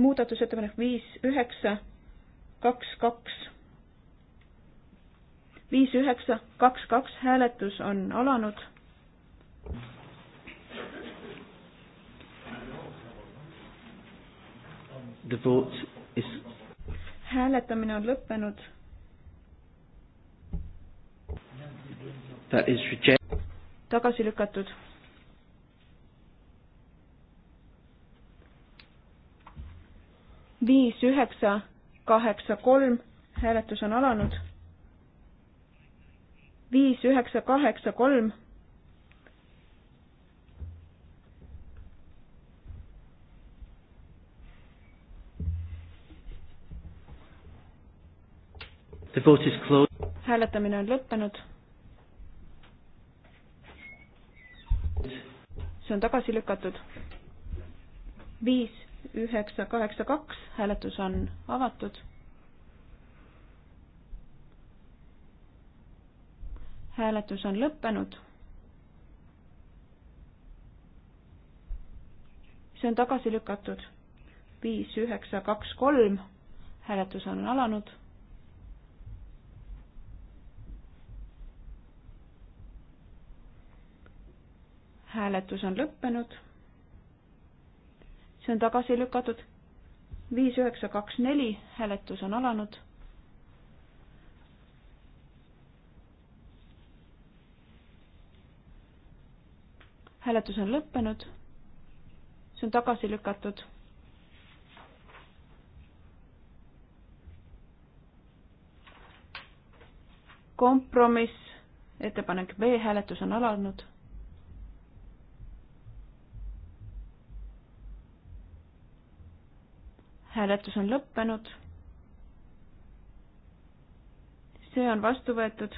muudatusettepanek viis, üheksa, kaks, kaks. viis, üheksa, kaks, kaks hääletus on alanud. The vote is hääletamine on lõppenud tagasi lükatud. viis, üheksa, kaheksa, kolm, hääletus on alanud. viis, üheksa, kaheksa, kolm. hääletamine on lõppenud see on tagasi lükatud. viis, üheksa, kaheksa, kaks, hääletus on avatud. hääletus on lõppenud. see on tagasi lükatud. viis, üheksa, kaks, kolm, hääletus on alanud hääletus on lõppenud. see on tagasi lükatud. viis, üheksa, kaks, neli, hääletus on alanud. hääletus on lõppenud. see on tagasi lükatud kompromiss, ettepanek B, hääletus on alanud. hääletus on lõppenud. see on vastu võetud.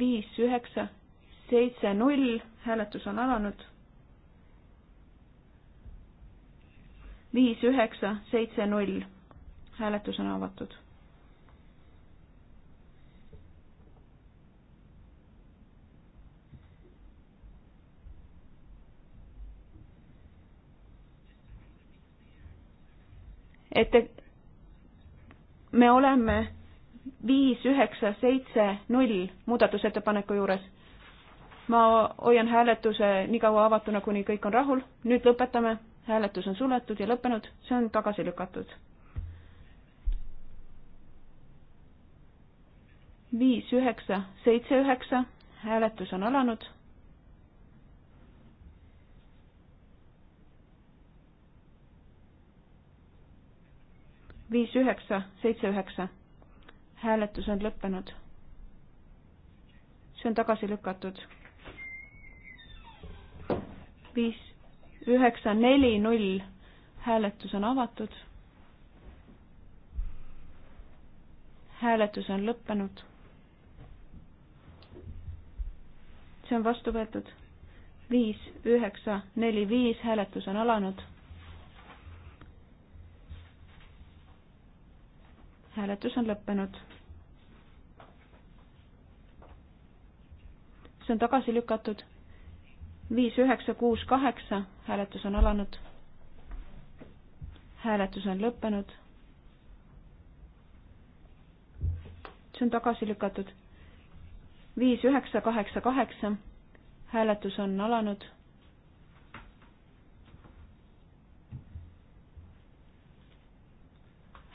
viis, üheksa, seitse, null, hääletus on alanud. viis, üheksa, seitse, null, hääletus on avatud et me oleme viis, üheksa, seitse, null muudatusettepaneku juures. ma hoian hääletuse nii kaua avatuna, kuni kõik on rahul, nüüd lõpetame, hääletus on suletud ja lõppenud, see on tagasi lükatud. viis, üheksa, seitse, üheksa, hääletus on alanud viis üheksa, seitse üheksa. hääletus on lõppenud. see on tagasi lükatud. viis üheksa neli null, hääletus on avatud. hääletus on lõppenud. see on vastu võetud. viis üheksa neli viis, hääletus on alanud hääletus on lõppenud. see on tagasi lükatud. viis, üheksa, kuus, kaheksa, hääletus on alanud. hääletus on lõppenud. see on tagasi lükatud. viis, üheksa, kaheksa, kaheksa, hääletus on alanud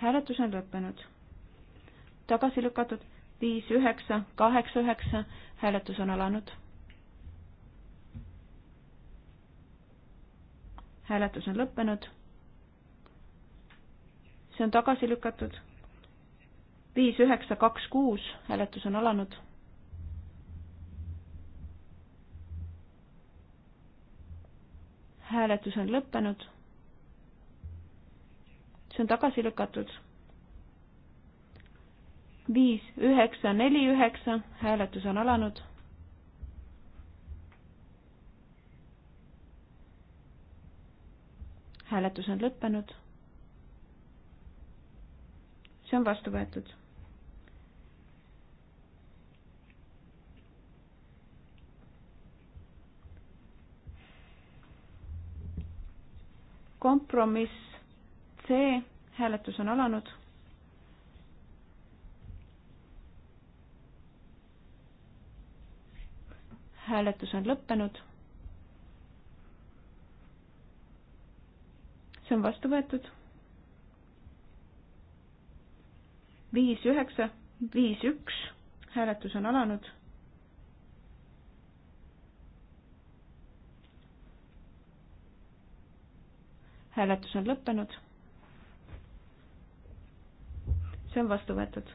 hääletus on lõppenud. tagasi lükatud viis, üheksa, kaheksa, üheksa, hääletus on alanud. hääletus on lõppenud. see on tagasi lükatud. viis, üheksa, kaks, kuus, hääletus on alanud. hääletus on lõppenud see on tagasi lükatud. viis, üheksa, neli, üheksa, hääletus on alanud. hääletus on lõppenud. see on vastu võetud. kompromiss C, hääletus on alanud. hääletus on lõppenud. see on vastu võetud. viis üheksa, viis üks, hääletus on alanud hääletus on lõppenud see on vastu võetud.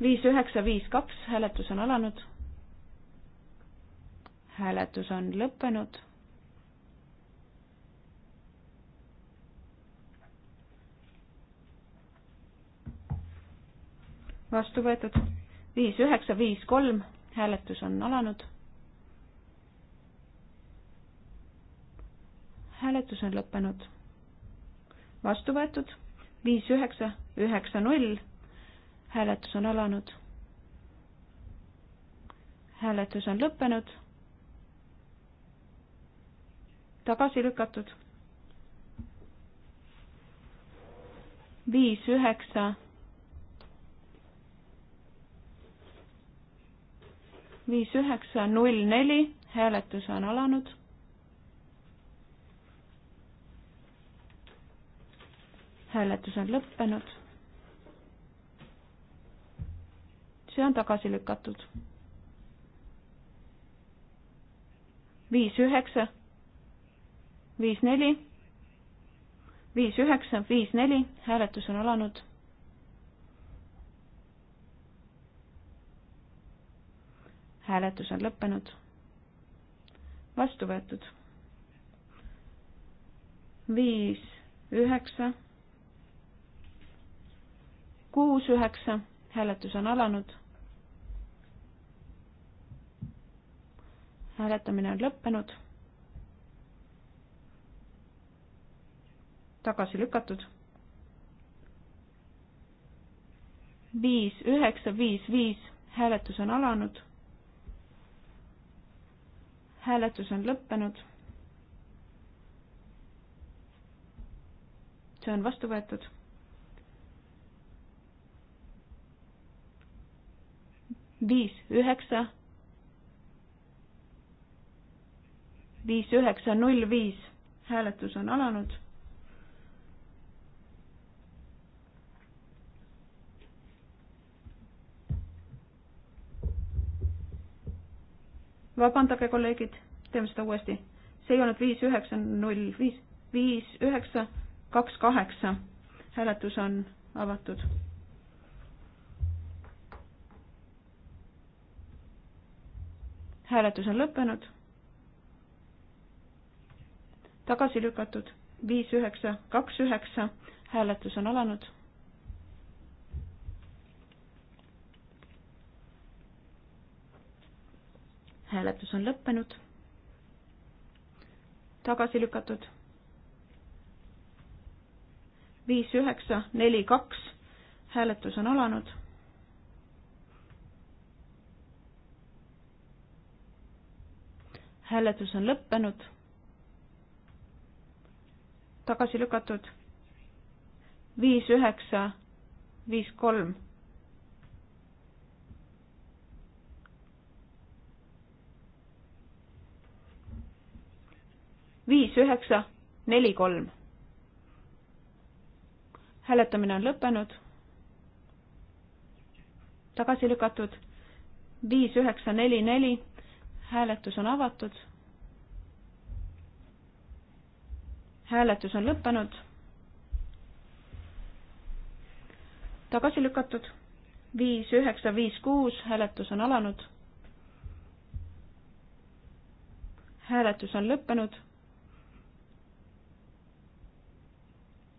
viis üheksa viis kaks, hääletus on alanud. hääletus on lõppenud. vastu võetud. viis üheksa viis kolm, hääletus on alanud. hääletus on lõppenud. vastu võetud. viis üheksa üheksa null. hääletus on alanud. hääletus on lõppenud. tagasi lükatud. viis üheksa. viis üheksa null neli, hääletus on alanud hääletus on lõppenud. see on tagasi lükatud. viis üheksa, viis neli, viis üheksa, viis neli, hääletus on alanud. hääletus on lõppenud. vastu võetud. viis, üheksa, kuus, üheksa hääletus on alanud. hääletamine on lõppenud. tagasi lükatud. viis, üheksa, viis, viis, hääletus on alanud. hääletus on lõppenud. see on vastu võetud viis üheksa, viis üheksa null viis, hääletus on alanud. vabandage, kolleegid, teeme seda uuesti. see ei olnud viis üheksa null viis, viis üheksa kaks kaheksa. hääletus on avatud hääletus on lõppenud. tagasi lükatud viis üheksa, kaks üheksa, hääletus on alanud. hääletus on lõppenud. tagasi lükatud. viis üheksa, neli kaks, hääletus on alanud hääletus on lõppenud. tagasi lükatud. viis, üheksa, viis, kolm. viis, üheksa, neli, kolm. hääletamine on lõppenud. tagasi lükatud. viis, üheksa, neli, neli hääletus on avatud. hääletus on lõppenud. tagasi lükatud. viis, üheksa, viis, kuus, hääletus on alanud. hääletus on lõppenud.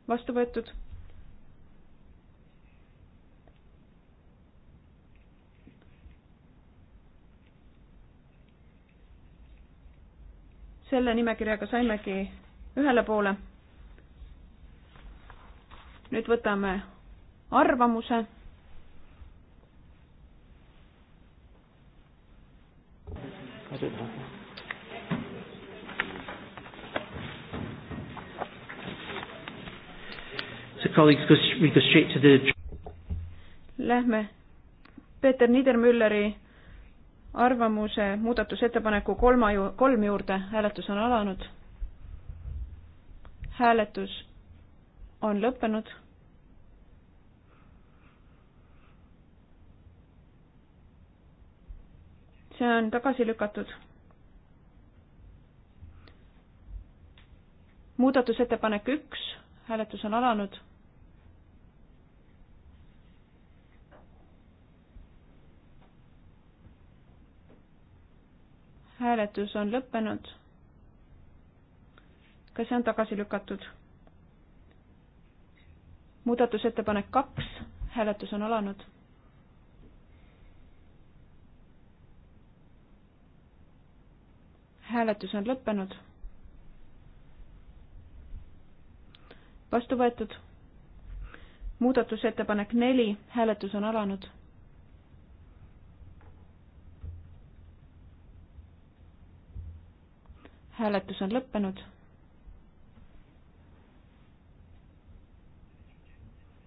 vastu võetud selle nimekirjaga saimegi ühele poole. nüüd võtame arvamuse. Lähme Peeter Niedermülleri arvamuse muudatusettepaneku kolma, kolm juurde, hääletus on alanud. hääletus on lõppenud. see on tagasi lükatud. muudatusettepanek üks, hääletus on alanud hääletus on lõppenud. ka see on tagasi lükatud. muudatusettepanek kaks, hääletus on alanud. hääletus on lõppenud. vastu võetud. muudatusettepanek neli, hääletus on alanud hääletus on lõppenud.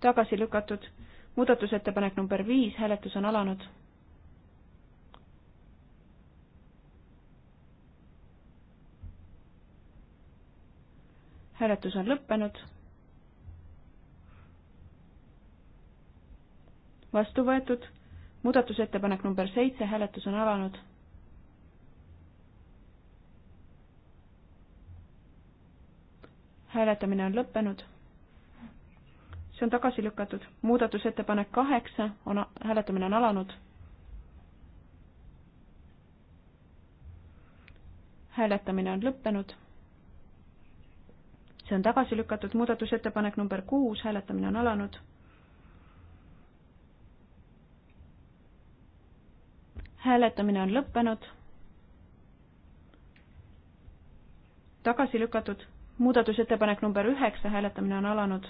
tagasi lükatud muudatusettepanek number viis, hääletus on alanud. hääletus on lõppenud. vastu võetud muudatusettepanek number seitse, hääletus on alanud hääletamine on lõppenud. see on tagasi lükatud. muudatusettepanek kaheksa on, hääletamine on alanud. hääletamine on lõppenud. see on tagasi lükatud. muudatusettepanek number kuus, hääletamine on alanud. hääletamine on lõppenud. tagasi lükatud muudatusettepanek number üheksa, hääletamine on alanud.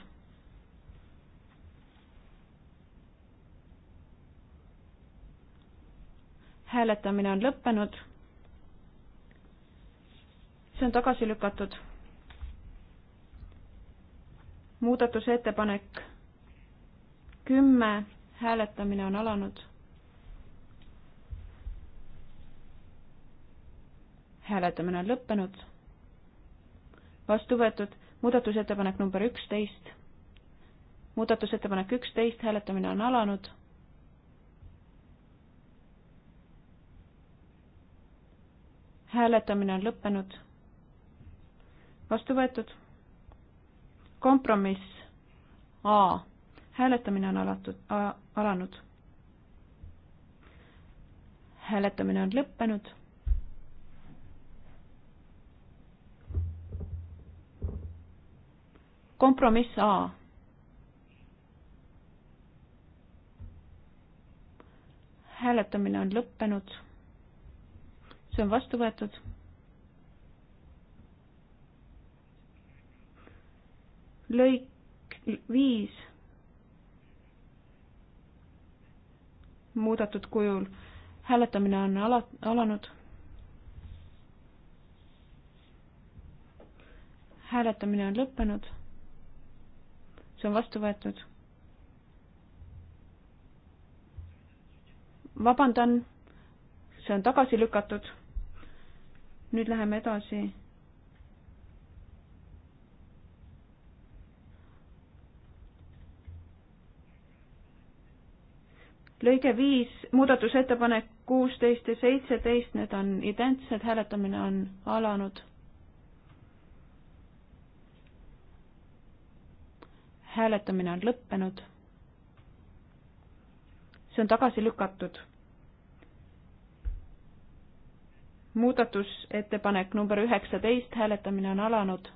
hääletamine on lõppenud. see on tagasi lükatud. muudatusettepanek kümme, hääletamine on alanud. hääletamine on lõppenud vastu võetud, muudatusettepanek number üksteist, muudatusettepanek üksteist, hääletamine on alanud. hääletamine on lõppenud. vastu võetud. kompromiss A, hääletamine on alatud, alanud. hääletamine on lõppenud kompromiss A. hääletamine on lõppenud. see on vastu võetud. lõik viis muudetud kujul. hääletamine on ala, alanud. hääletamine on lõppenud see on vastu võetud. vabandan, see on tagasi lükatud. nüüd läheme edasi. lõige viis, muudatusettepanek kuusteist ja seitseteist, need on identsed, hääletamine on alanud hääletamine on lõppenud. see on tagasi lükatud. muudatusettepanek number üheksateist, hääletamine on alanud.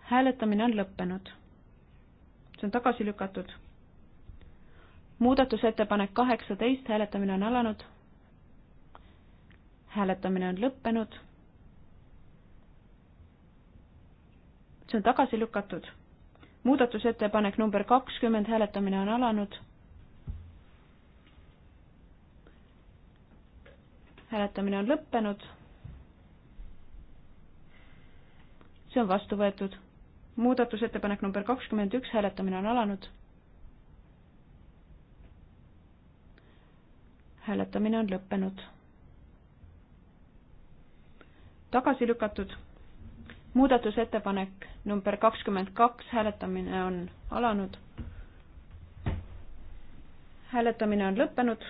hääletamine on lõppenud. see on tagasi lükatud. muudatusettepanek kaheksateist, hääletamine on alanud. hääletamine on lõppenud see on tagasi lükatud. muudatusettepanek number kakskümmend, hääletamine on alanud. hääletamine on lõppenud. see on vastu võetud. muudatusettepanek number kakskümmend üks, hääletamine on alanud. hääletamine on lõppenud. tagasi lükatud muudatusettepanek number kakskümmend kaks, hääletamine on alanud. hääletamine on lõppenud.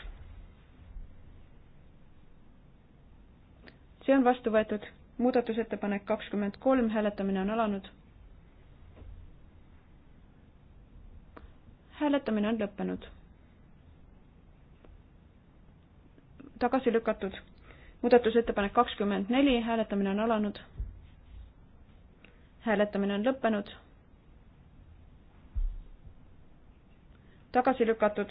see on vastu võetud. muudatusettepanek kakskümmend kolm, hääletamine on alanud. hääletamine on lõppenud. tagasi lükatud. muudatusettepanek kakskümmend neli, hääletamine on alanud hääletamine on lõppenud. tagasi lükatud.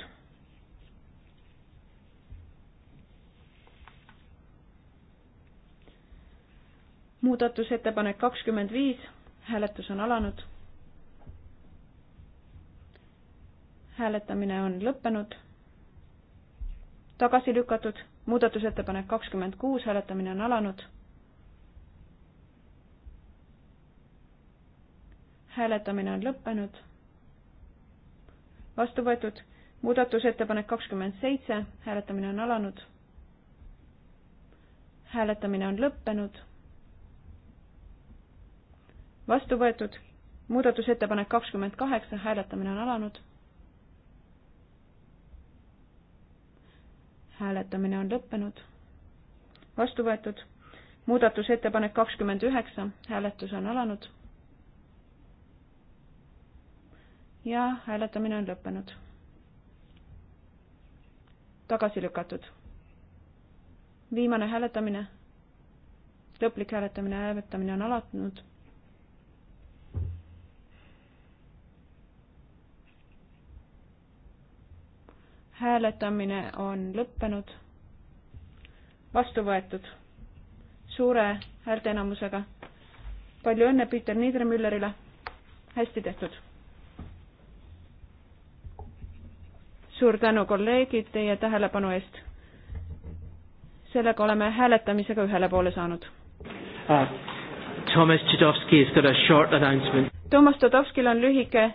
muudatusettepanek kakskümmend viis, hääletus on alanud. hääletamine on lõppenud. tagasi lükatud, muudatusettepanek kakskümmend kuus, hääletamine on alanud hääletamine on lõppenud. vastu võetud muudatusettepanek kakskümmend seitse, hääletamine on alanud. hääletamine on lõppenud. vastu võetud muudatusettepanek kakskümmend kaheksa, hääletamine on alanud. hääletamine on lõppenud. vastu võetud muudatusettepanek kakskümmend üheksa, hääletus on alanud ja hääletamine on lõppenud. tagasi lükatud. viimane hääletamine. lõplik hääletamine, hääletamine on alanud. hääletamine on lõppenud. vastu võetud suure häälteenamusega. palju õnne Peter Niedermüllerile. hästi tehtud suur tänu, kolleegid, teie tähelepanu eest. sellega oleme hääletamisega ühele poole saanud uh,. Thomas Tšidovski has got a short announcement. Toomas Tšidovskil on lühike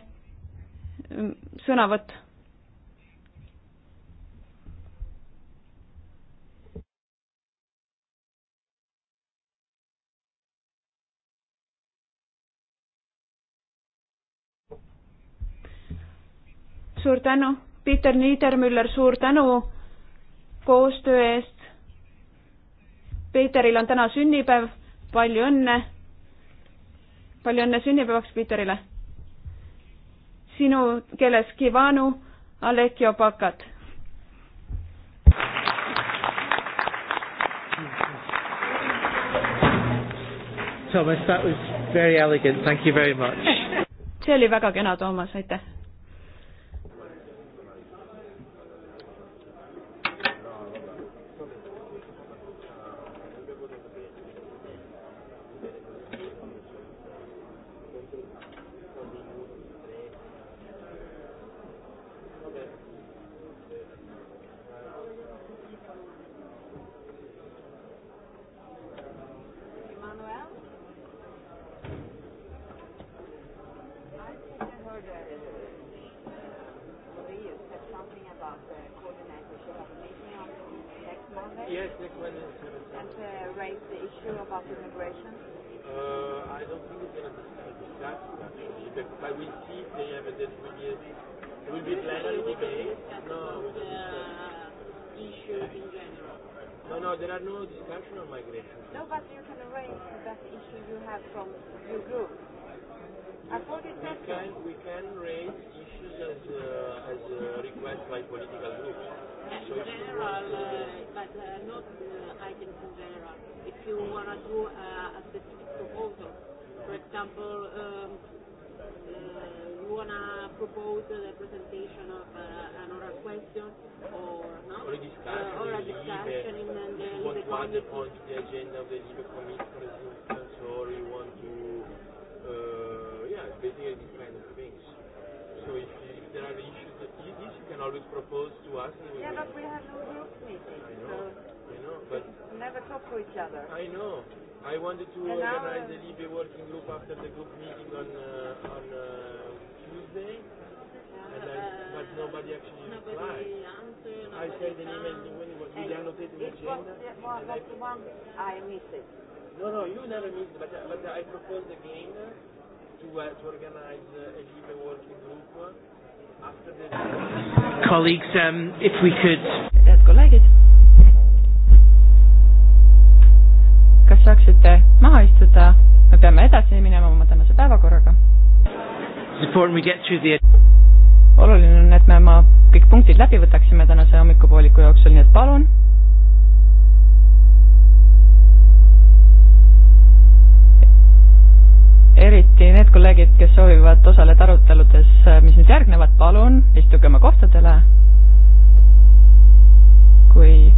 mm, sõnavõtt suur tänu Peter Niedermüller, suur tänu koostöö eest. Peeteril on täna sünnipäev, palju õnne. palju õnne sünnipäevaks Peeterile. sinu keeles Kivanu Alekio Pakat. Thomas, that was very elegant, thank you very much. see oli väga kena, Toomas, aitäh. I got the one, I missed it. No, no, you never missed, but, uh, but I proposed again to, uh, to organize uh, a Libre working group after the... [coughs] Colleagues, um, if we could... Head kolleegid. kas saaksite maha istuda, me peame edasi minema oma tänase päevakorraga. oluline on, et me oma kõik punktid läbi võtaksime tänase hommikupooliku jooksul, nii et palun eriti need kolleegid, kes soovivad osaleda aruteludes, äh, mis nüüd järgnevad, palun istuge oma kohtadele. kui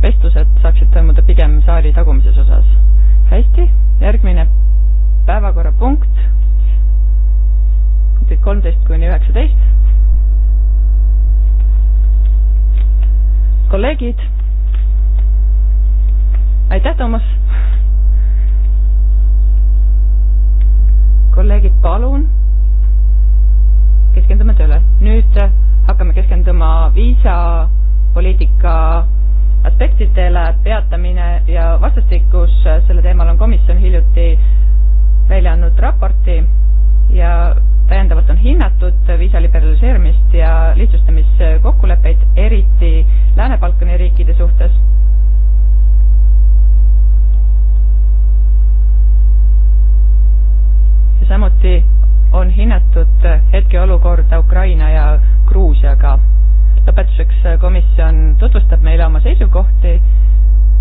vestlused saaksid toimuda pigem saali tagumises osas. hästi, järgmine päevakorrapunkt, punktid kolmteist kuni üheksateist. kolleegid, aitäh, Toomas kolleegid, palun keskendume tööle. nüüd äh, hakkame keskenduma viisapoliitika aspektidele, peatamine ja vastastikus, äh, selle teemal on komisjon hiljuti välja andnud raporti ja täiendavalt on hinnatud viisa liberaliseerimist ja lihtsustamiskokkuleppeid, eriti Lääne-Balkani riikide suhtes samuti on hinnatud hetkeolukorda Ukraina ja Gruusiaga. lõpetuseks äh, komisjon tutvustab meile oma seisukohti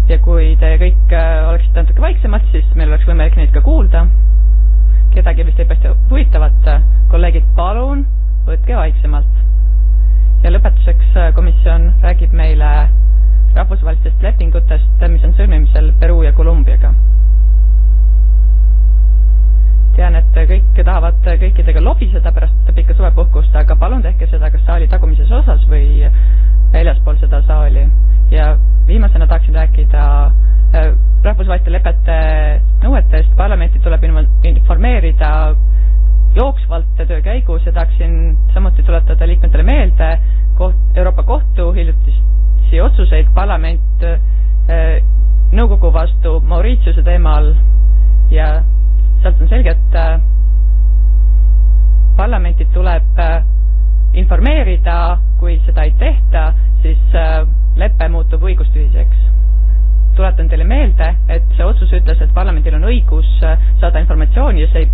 ja kui te kõik äh, oleksite natuke vaiksemad, siis meil oleks võimalik neid ka kuulda. kedagi vist ei paista huvitavat. kolleegid, palun võtke vaiksemalt. ja lõpetuseks äh, komisjon räägib meile rahvusvahelistest lepingutest, mis on sõlmimisel Peruu ja Kolumbiaga tean, et kõik tahavad kõikidega lobiseda pärast pikka suvepuhkust, aga palun tehke seda kas saali tagumises osas või väljaspool seda saali. ja viimasena tahaksin rääkida äh, rahvusvaheliste lepete nõuetest, parlamenti tuleb informeerida jooksvalt töö käigus ja tahaksin samuti tuletada liikmetele meelde koht, Euroopa Kohtu hiljutisi otsuseid, parlament äh, nõukogu vastu Mauritiuse teemal ja sealt on selge, et äh, parlamenti tuleb äh, informeerida, kui seda ei tehta, siis äh, lepe muutub õigustühiseks. tuletan teile meelde, et see otsus ütles, et parlamendil on õigus saada informatsiooni ja see ei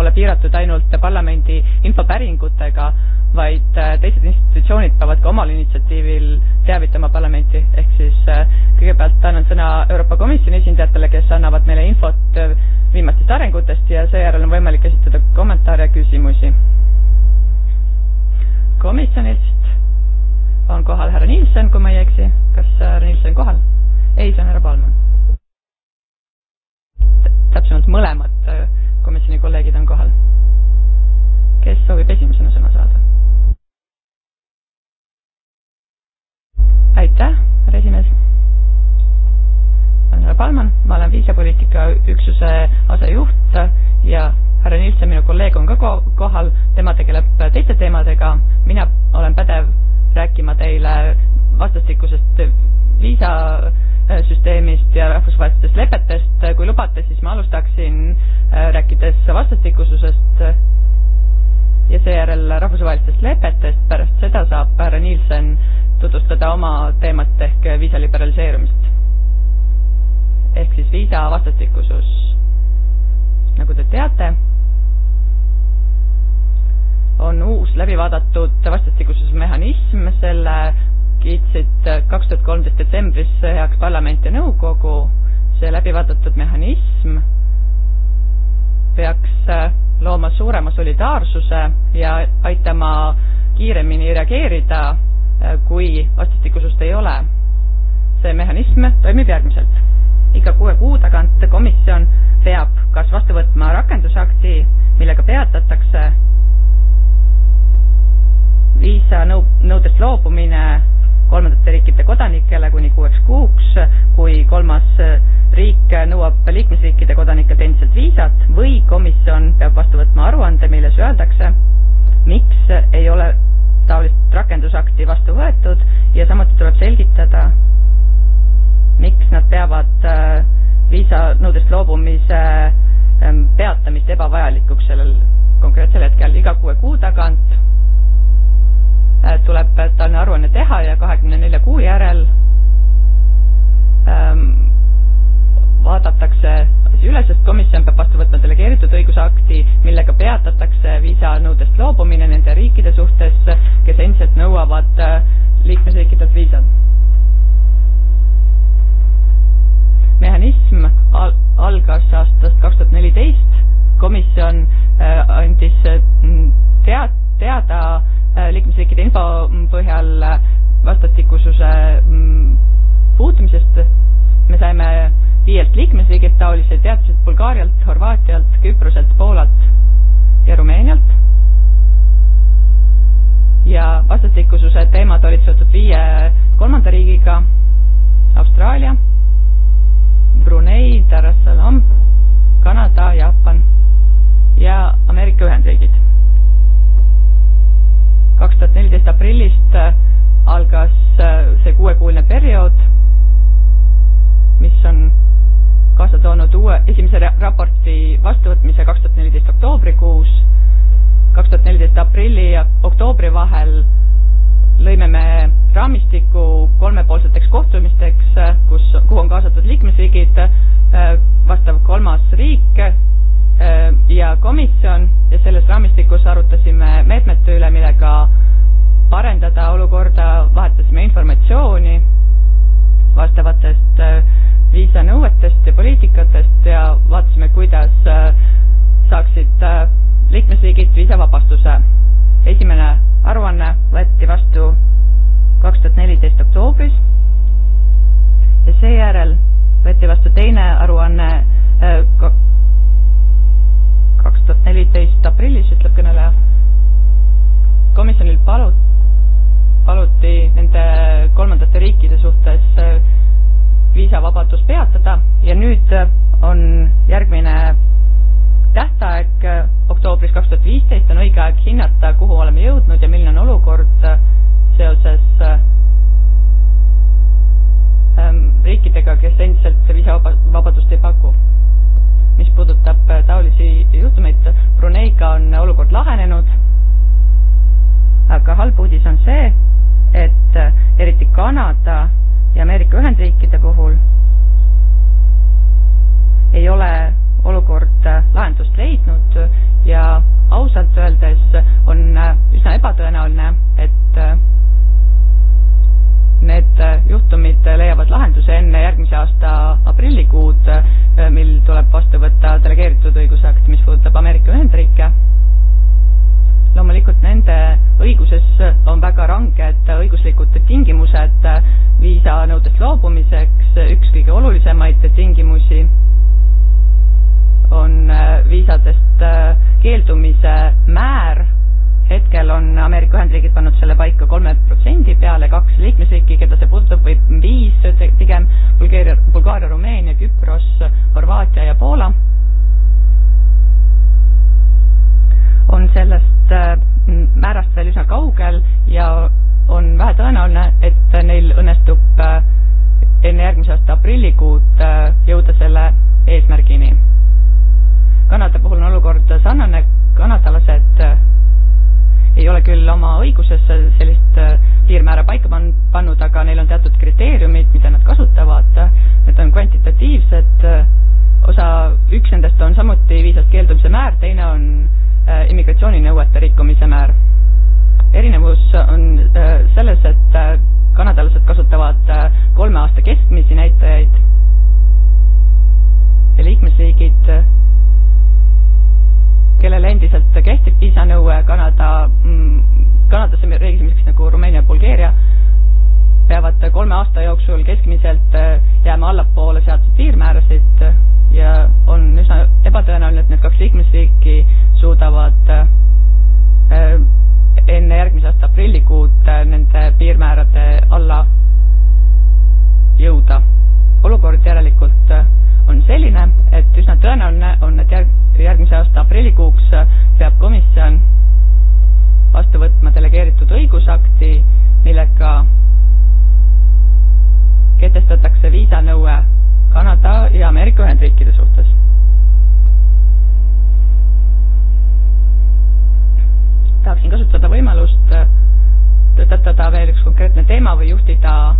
ole piiratud ainult parlamendi infopäringutega, vaid teised institutsioonid peavad ka omal initsiatiivil teavitama parlamenti, ehk siis kõigepealt annan sõna Euroopa Komisjoni esindajatele, kes annavad meile infot viimastest arengutest ja seejärel on võimalik esitada kommentaare ja küsimusi. komisjonist on kohal härra Nilsson, kui ma ei eksi. kas härra Nilsson kohal? ei, see on härra Palman. täpsemalt mõlemad äh, komisjoni kolleegid on kohal. kes soovib esimesena sõna saada? aitäh, härra esimees. härra Palman, ma olen viisapoliitika üksuse Nilsen, minu kolleeg, on ka kohal, tema tegeleb teiste teemadega, mina olen pädev rääkima teile vastastikusest viisasüsteemist äh, ja rahvusvahelistest lepetest, kui lubate, siis ma alustaksin äh, rääkides vastastikususest ja seejärel rahvusvahelistest lepetest, pärast seda saab härra Nielsen tutvustada oma teemat ehk viisa liberaliseerumist. ehk siis viisa vastastikusus, nagu te teate on uus läbivaadatud vastastikuse mehhanism, selle kiitsid kaks tuhat kolmteist detsembris heaks parlament ja nõukogu, see läbivaadatud mehhanism peaks looma suurema solidaarsuse ja aitama kiiremini reageerida, kui vastastikusust ei ole. see mehhanism toimib järgmiselt. iga kuue kuu tagant komisjon peab kas vastu võtma rakendusakti, millega peatatakse viisanõu, nõudest loobumine kolmandate riikide kodanikele kuni kuueks kuuks, kui kolmas riik nõuab liikmesriikide kodanikelt endiselt viisat või komisjon peab vastu võtma aruande, milles öeldakse, miks ei ole taolist rakendusakti vastu võetud ja samuti tuleb selgitada, miks nad peavad äh, viisanõudest loobumise ähm, peatamist ebavajalikuks sellel konkreetsel hetkel iga kuue kuu tagant Äh, tuleb äh, taoline aruanne teha ja kahekümne nelja kuu järel ähm, vaadatakse asi üle, sest komisjon peab vastu võtma delegeeritud õigusakti, millega peatatakse viisanõudest loobumine nende riikide suhtes, kes endiselt nõuavad äh, liikmesriikidelt viisat. mehhanism al-, algas aastast kaks tuhat neliteist, komisjon andis tead-, teada Äh, liikmesriikide info mm, põhjal äh, vastastikususe mm, puutumisest. me saime viielt liikmesriigilt taolised teatised Bulgaarialt, Horvaatialt, Küproselt, Poolalt ja Rumeenialt. ja vastastikususe teemad olid seotud viie kolmanda riigiga, Austraalia, Brunei, Darussalam, Kanada, Jaapan ja Ameerika Ühendriigid kaks tuhat neliteist aprillist äh, algas äh, see kuuekuuline periood, mis on kaasa toonud uue, esimese raporti vastuvõtmise kaks tuhat neliteist oktoobrikuus, kaks tuhat neliteist aprilli ja oktoobri vahel lõime me raamistiku kolmepoolseteks kohtumisteks, äh, kus, kuhu on kaasatud liikmesriigid, vastav kolmas riik, Äh, ja komisjon ja selles raamistikus arutasime meetmete üle, millega parendada olukorda, vahetasime informatsiooni vastavatest äh, viisanõuetest ja poliitikatest ja vaatasime, kuidas äh, saaksid liikmesriigid viisavabastuse. esimene aruanne võeti vastu kaks tuhat neliteist oktoobris ja seejärel võeti vastu teine aruanne kaks tuhat neliteist aprillis, ütleb kõneleja. komisjonil palu-, paluti nende kolmandate riikide suhtes äh, viisavabadus peatada ja nüüd äh, on järgmine tähtaeg äh, oktoobris kaks tuhat viisteist on õige aeg hinnata, kuhu oleme jõudnud ja milline on olukord seoses ähm, riikidega, kes endiselt viisavabadust ei paku mis puudutab äh, taolisi juhtumeid. Bruneiga on olukord lahenenud, aga halb uudis on see, et äh, eriti Kanada ja Ameerika Ühendriikide puhul ei ole olukord äh, lahendust leidnud ja ausalt öeldes on üsna ebatõenäoline, et need äh, juhtumid äh, leiavad lahenduse enne järgmise aasta aprillikuud, äh, mil tuleb vastu võtta delegeeritud õigusakt, mis puudutab Ameerika Ühendriike. loomulikult nende õiguses on väga ranged õiguslikud tingimused viisanõudest loobumiseks, üks kõige olulisemaid tingimusi on viisadest keeldumise määr hetkel on Ameerika Ühendriigid pannud selle paika kolme protsendi peale, kaks liikmesriiki, keda see puudutab, või viis pigem, Bulgaaria, Bulgaaria, Rumeenia, Küpros, Horvaatia ja Poola, on sellest äh, määrast veel üsna kaugel ja on vähe tõenäoline, et neil õnnestub äh, enne järgmise aasta aprillikuud äh, jõuda selle eesmärgini. Kanada puhul on olukord sarnane, kanadalased ei ole küll oma õiguses sellist äh, piirmäära paika pannud, aga neil on teatud kriteeriumid, mida nad kasutavad, need on kvantitatiivsed, äh, osa, üks nendest on samuti viisast keeldumise määr, teine on äh, immigratsiooninõuete rikkumise määr. erinevus on selles, et kanadalased kasutavad kolme aasta keskmisi näitajaid ja liikmesriigid kellele endiselt kehtib viisanõue Kanada, mm, Kanadasse reisimiseks nagu Rumeenia, Bulgaaria, peavad kolme aasta jooksul keskmiselt äh, jääma allapoole seatud piirmäärasid äh, ja on üsna ebatõenäoline, et need kaks liikmesriiki suudavad äh, enne järgmise aasta aprillikuud nende piirmäärade alla jõuda. olukord järelikult on selline, et üsna tõenäoline on, et järg, järgmise aasta aprillikuuks peab komisjon vastu võtma delegeeritud õigusakti, millega kehtestatakse viisanõue Kanada ja Ameerika Ühendriikide suhtes. tahaksin kasutada võimalust tõstatada veel üks konkreetne teema või juhtida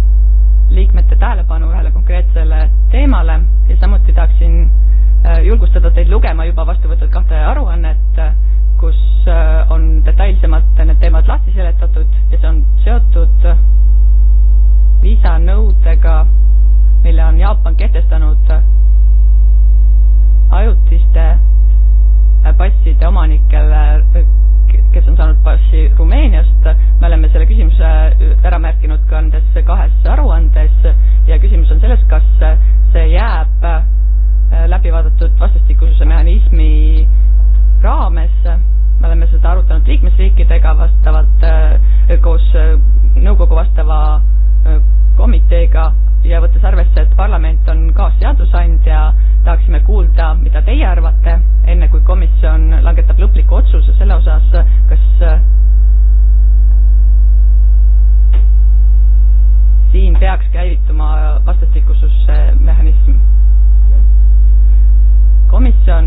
liikmete tähelepanu ühele konkreetsele teemale ja samuti tahaksin äh, julgustada teid lugema juba vastu võetud kahte aruannet, äh, kus äh, on detailsemalt need teemad lahti seletatud ja see on seotud viisanõudega, mille on Jaapan kehtestanud ajutiste passide omanikele kes on saanud passi Rumeeniast, me oleme selle küsimuse äh, ära märkinud ka nendes kahes aruandes ja küsimus on selles, kas see jääb äh, läbi vaadatud vastastikususe mehhanismi raames, me oleme seda arutanud liikmesriikidega vastavalt äh, koos nõukogu vastava komiteega ja võttes arvesse, et parlament on kaasseadusandja, tahaksime kuulda, mida teie arvate, enne kui komisjon langetab lõpliku otsuse selle osas, kas siin peaks käivituma vastastikususe mehhanism. komisjon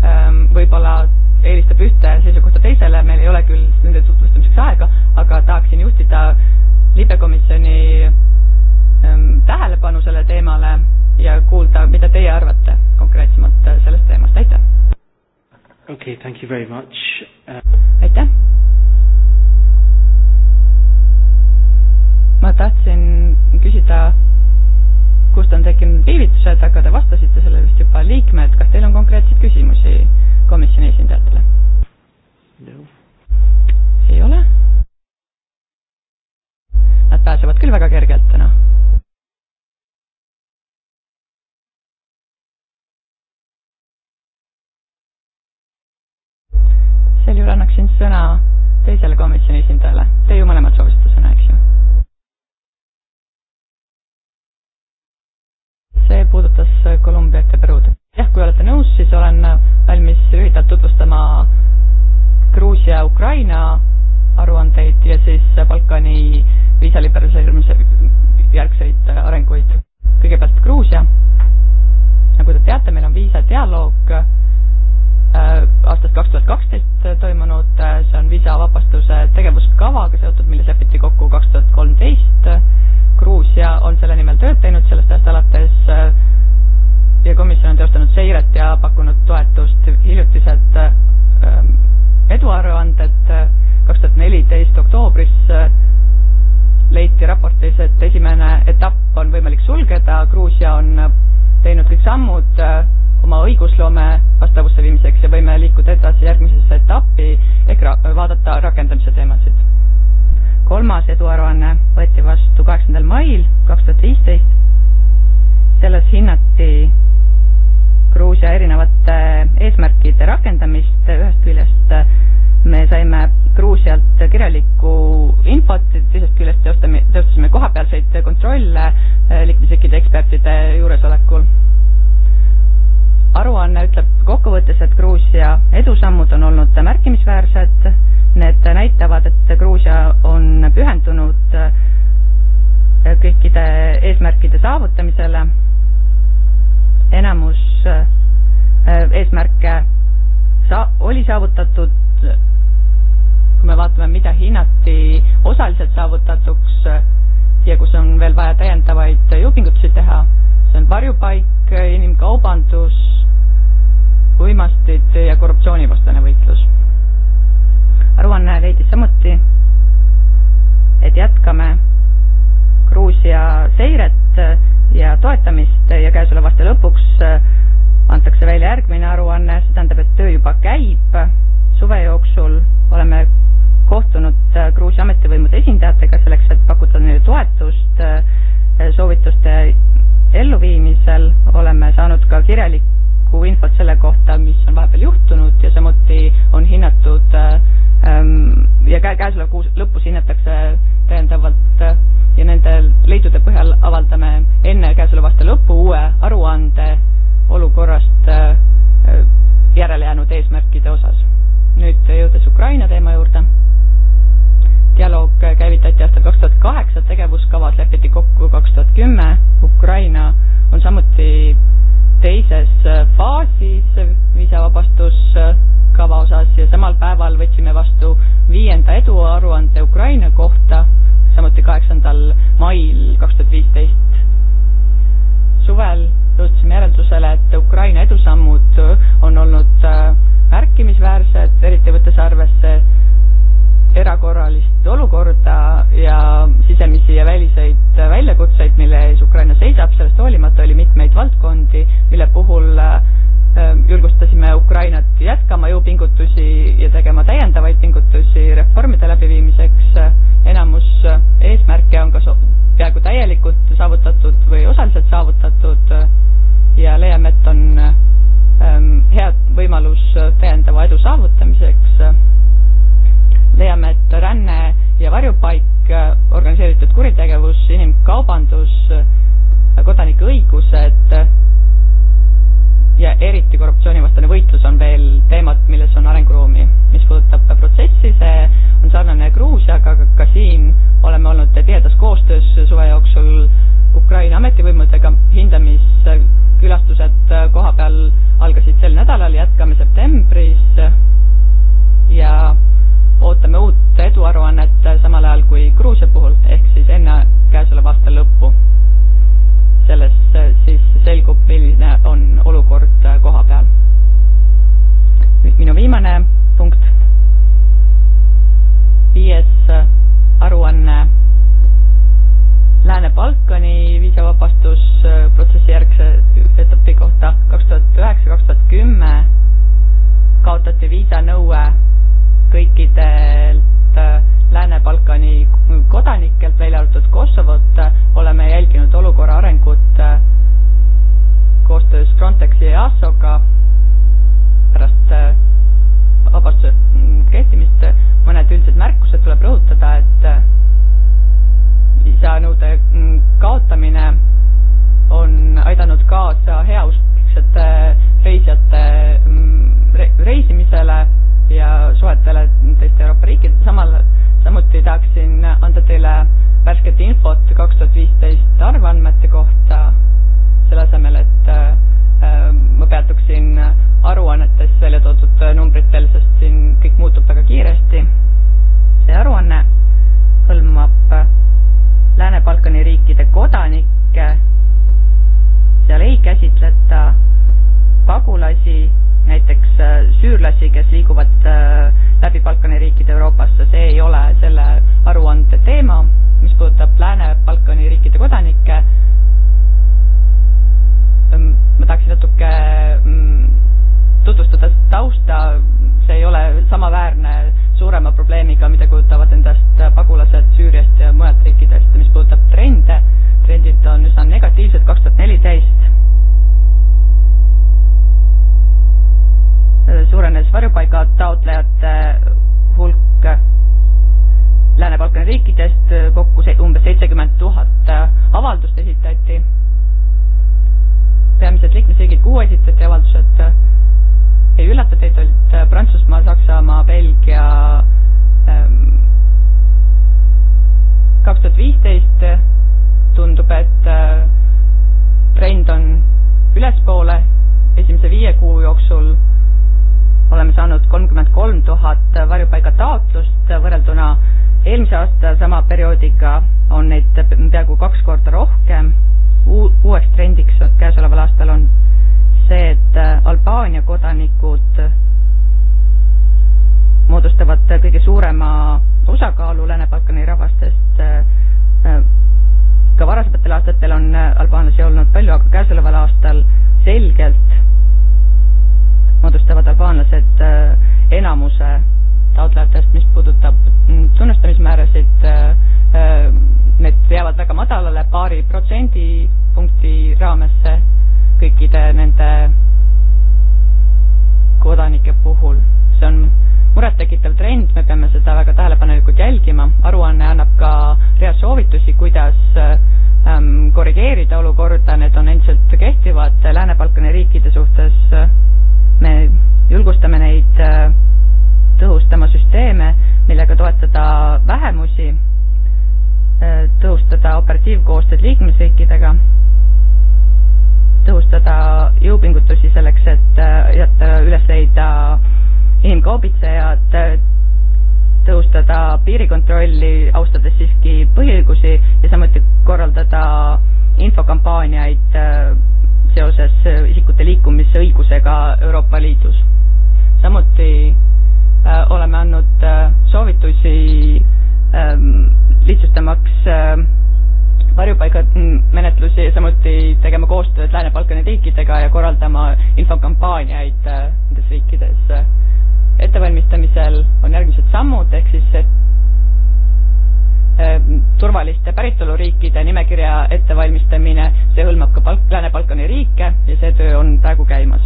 ähm, võib-olla eelistab ühte seisukohta teisele, meil ei ole küll nende tutvustamiseks aega, aga tahaksin juhtida libekomisjoni ehm, tähelepanu sellele teemale ja kuulda, mida teie arvate konkreetsemalt äh, sellest teemast, aitäh! okei okay,, thank you very much uh...! aitäh! ma tahtsin küsida, kust on tekkinud viivitused, aga te vastasite sellele vist juba, liikmed, kas teil on konkreetseid küsimusi komisjoni esindajatele no.? ei ole? nad pääsevad küll väga kergelt täna no.. sel juhul annaksin sõna teisele komisjoni esindajale. Te ju mõlemad soovisite sõna, eks ju? see puudutas Kolumbiat ja Peruud. jah, kui olete nõus, siis olen valmis lühidalt tutvustama Gruusia-Ukraina aruandeid ja siis Balkani viisaliberaliseerimise järgseid äh, arenguid. kõigepealt Gruusia, nagu te teate, meil on viisadialoog äh, aastast kaks tuhat kaksteist äh, toimunud, see on viisavabastuse tegevuskavaga seotud, milles lepiti kokku kaks tuhat kolmteist. Gruusia on selle nimel tööd teinud sellest ajast alates ja komisjon on teostanud seiret ja pakkunud toetust, hiljutised eduaruandet äh, kaks tuhat neliteist oktoobris äh, leiti raportis, et esimene etapp on võimalik sulgeda, Gruusia on äh, teinud kõik sammud oma õigusloome vastavusse viimiseks ja võime liikuda edasi järgmisesse etappi ehk ra vaadata rakendamise teemasid. kolmas eduaruanne võeti vastu kaheksandal mail kaks tuhat viisteist. selles hinnati Gruusia erinevate äh, eesmärkide rakendamist, ühest küljest äh, me saime Gruusialt kirjalikku infot, teisest küljest teostame, teostasime kohapealseid kontrolle äh, liikmesriikide ekspertide juuresolekul. aruanne ütleb kokkuvõttes, et Gruusia edusammud on olnud märkimisväärsed, need näitavad, et Gruusia on pühendunud kõikide eesmärkide saavutamisele enamus äh, eesmärke sa-, oli saavutatud, kui me vaatame, mida hinnati osaliselt saavutatuks ja kus on veel vaja täiendavaid jõupingutusi teha, see on varjupaik, inimkaubandus, uimastid ja korruptsioonivastane võitlus. aruanne leidis samuti, et jätkame Gruusia seiret ja toetamist ja käesoleva aasta lõpuks äh, antakse välja järgmine aruanne, see tähendab, et töö juba käib. suve jooksul oleme kohtunud äh, Gruusia ametivõimude esindajatega selleks, et pakuda neile toetust äh, soovituste elluviimisel. oleme saanud ka kirjalikku infot selle kohta, mis on vahepeal juhtunud ja samuti on hinnatud Ehm, ja kä-, käesoleva kuu lõpus hinnatakse äh, täiendavalt äh, ja nende leidude põhjal avaldame enne käesoleva aasta lõppu uue aruande olukorrast äh, järele jäänud eesmärkide osas. nüüd jõudes Ukraina teema juurde, dialoog käivitati aastal kaks tuhat kaheksa, tegevuskavad lepiti kokku kaks tuhat kümme, Ukraina on samuti teises äh, faasis äh, viisavabastuskava osas ja samal päeval võtsime vastu viienda eduaruande Ukraina kohta, samuti kaheksandal mail kaks tuhat viisteist. suvel jõudsime järeldusele, et Ukraina edusammud on olnud äh, märkimisväärsed, eriti võttes arvesse erakorralist olukorda ja sisemisi ja väliseid väljakutseid, mille ees Ukraina seisab, sellest fondi, mille puhul ähm, julgustasime Ukrainat jätkama jõupingutusi ja tegema täiendavaid pingutusi reformide läbiviimiseks. enamus eesmärke on kas peaaegu täielikult saavutatud või osaliselt saavutatud ja leiame, et on ähm, hea võimalus täiendava edu saavutamiseks. leiame, et ränne ja varjupaik, äh, organiseeritud kuritegevus, inimkaubandus, kodanike õigused eriti korruptsioonivastane võitlus on veel teemad, milles on arenguruumi. mis puudutab protsessi, see on sarnane Gruusiaga, aga ka siin oleme olnud tihedas koostöös suve jooksul Ukraina ametivõimudega, hindamiskülastused koha peal algasid sel nädalal, jätkame septembris samuti viisanõue kõikidelt äh, Lääne-Balkani kodanikelt, välja arvatud Kosovot, oleme jälginud olukorra arengut äh, koostöös Frontexi ja EASO-ga pärast äh, vabastuse mm, kehtimist. mõned üldised märkused tuleb rõhutada, et viisanõude mm, kaotamine on aidanud kaasa heauskliksete reisijate reisimisele ja suhetele teiste Euroopa riikidega, samal, samuti tahaksin anda teile värsket infot kaks tuhat viisteist arvandmete kohta, selle asemel, et äh, ma peatuksin aruannetes välja toodud numbritel, sest siin kõik muutub väga kiiresti. see aruanne hõlmab Lääne-Balkani riikide kodanikke, seal ei käsitleta pagulasi näiteks äh, süürlasi, kes liiguvad äh, läbi Balkani riikide Euroopasse, see ei ole selle aruande teema, mis puudutab Lääne-Balkani riikide kodanikke, ehm, ma tahaksin natuke mm, tutvustada tausta, see ei ole samaväärne suurema probleemiga, mida kujutavad endast pagulased Süüriast ja mujalt riikidest ja mis puudutab trende, trendid on üsna negatiivsed, kaks tuhat neliteist Äh, suurenes varjupaiga taotlejate hulk Lääne-Balkani riikidest, äh, kokku se-, umbes seitsekümmend tuhat äh, avaldust esitati, peamiselt liikmesriigid, kuhu esitati avaldused, ei üllata teid, olid Prantsusmaa, Saksamaa, Belgia, ähm, kaks tuhat viisteist tundub, et trend on ülespoole esimese viie kuu jooksul oleme saanud kolmkümmend kolm tuhat varjupaigataotlust, võrrelduna eelmise aasta sama perioodiga on neid peaaegu kaks korda rohkem. uueks trendiks käesoleval aastal on see, et äh, Albaania kodanikud moodustavad kõige suurema osakaalu Lääne-Balkani rahvastest. Äh, äh, ka varasematel aastatel on albaanlasi olnud palju, aga käesoleval aastal selgelt moodustavad albaanlased äh, enamuse taotlejatest, mis puudutab mm, tunnustamismäärasid, äh, äh, need jäävad väga madalale, paari protsendipunkti raamesse kõikide nende kodanike puhul. see on murettekitav trend, me peame seda väga tähelepanelikult jälgima, aruanne annab ka rea soovitusi, kuidas ähm, korrigeerida olukorda, need on endiselt kehtivad Lääne-Balkani riikide suhtes me julgustame neid äh, tõhustama süsteeme, millega toetada vähemusi, äh, tõhustada operatiivkoostööd liikmesriikidega, tõhustada jõupingutusi selleks, et aidata äh, üles leida inimkaubitsejad, tõhustada piirikontrolli, austades siiski põhiõigusi ja samuti korraldada infokampaaniaid seoses äh, isikute liikumisõigusega Euroopa Liidus. samuti äh, oleme andnud äh, soovitusi ähm, lihtsustamaks varjupaigamenetlusi ja samuti tegema koostööd Lääne-Balkani riikidega ja korraldama infokampaaniaid nendes riikides. ettevalmistamisel on järgmised sammud, ehk siis et Äh, turvaliste päritoluriikide nimekirja ettevalmistamine, see hõlmab ka Balk-, Lääne-Balkani riike ja see töö on praegu käimas.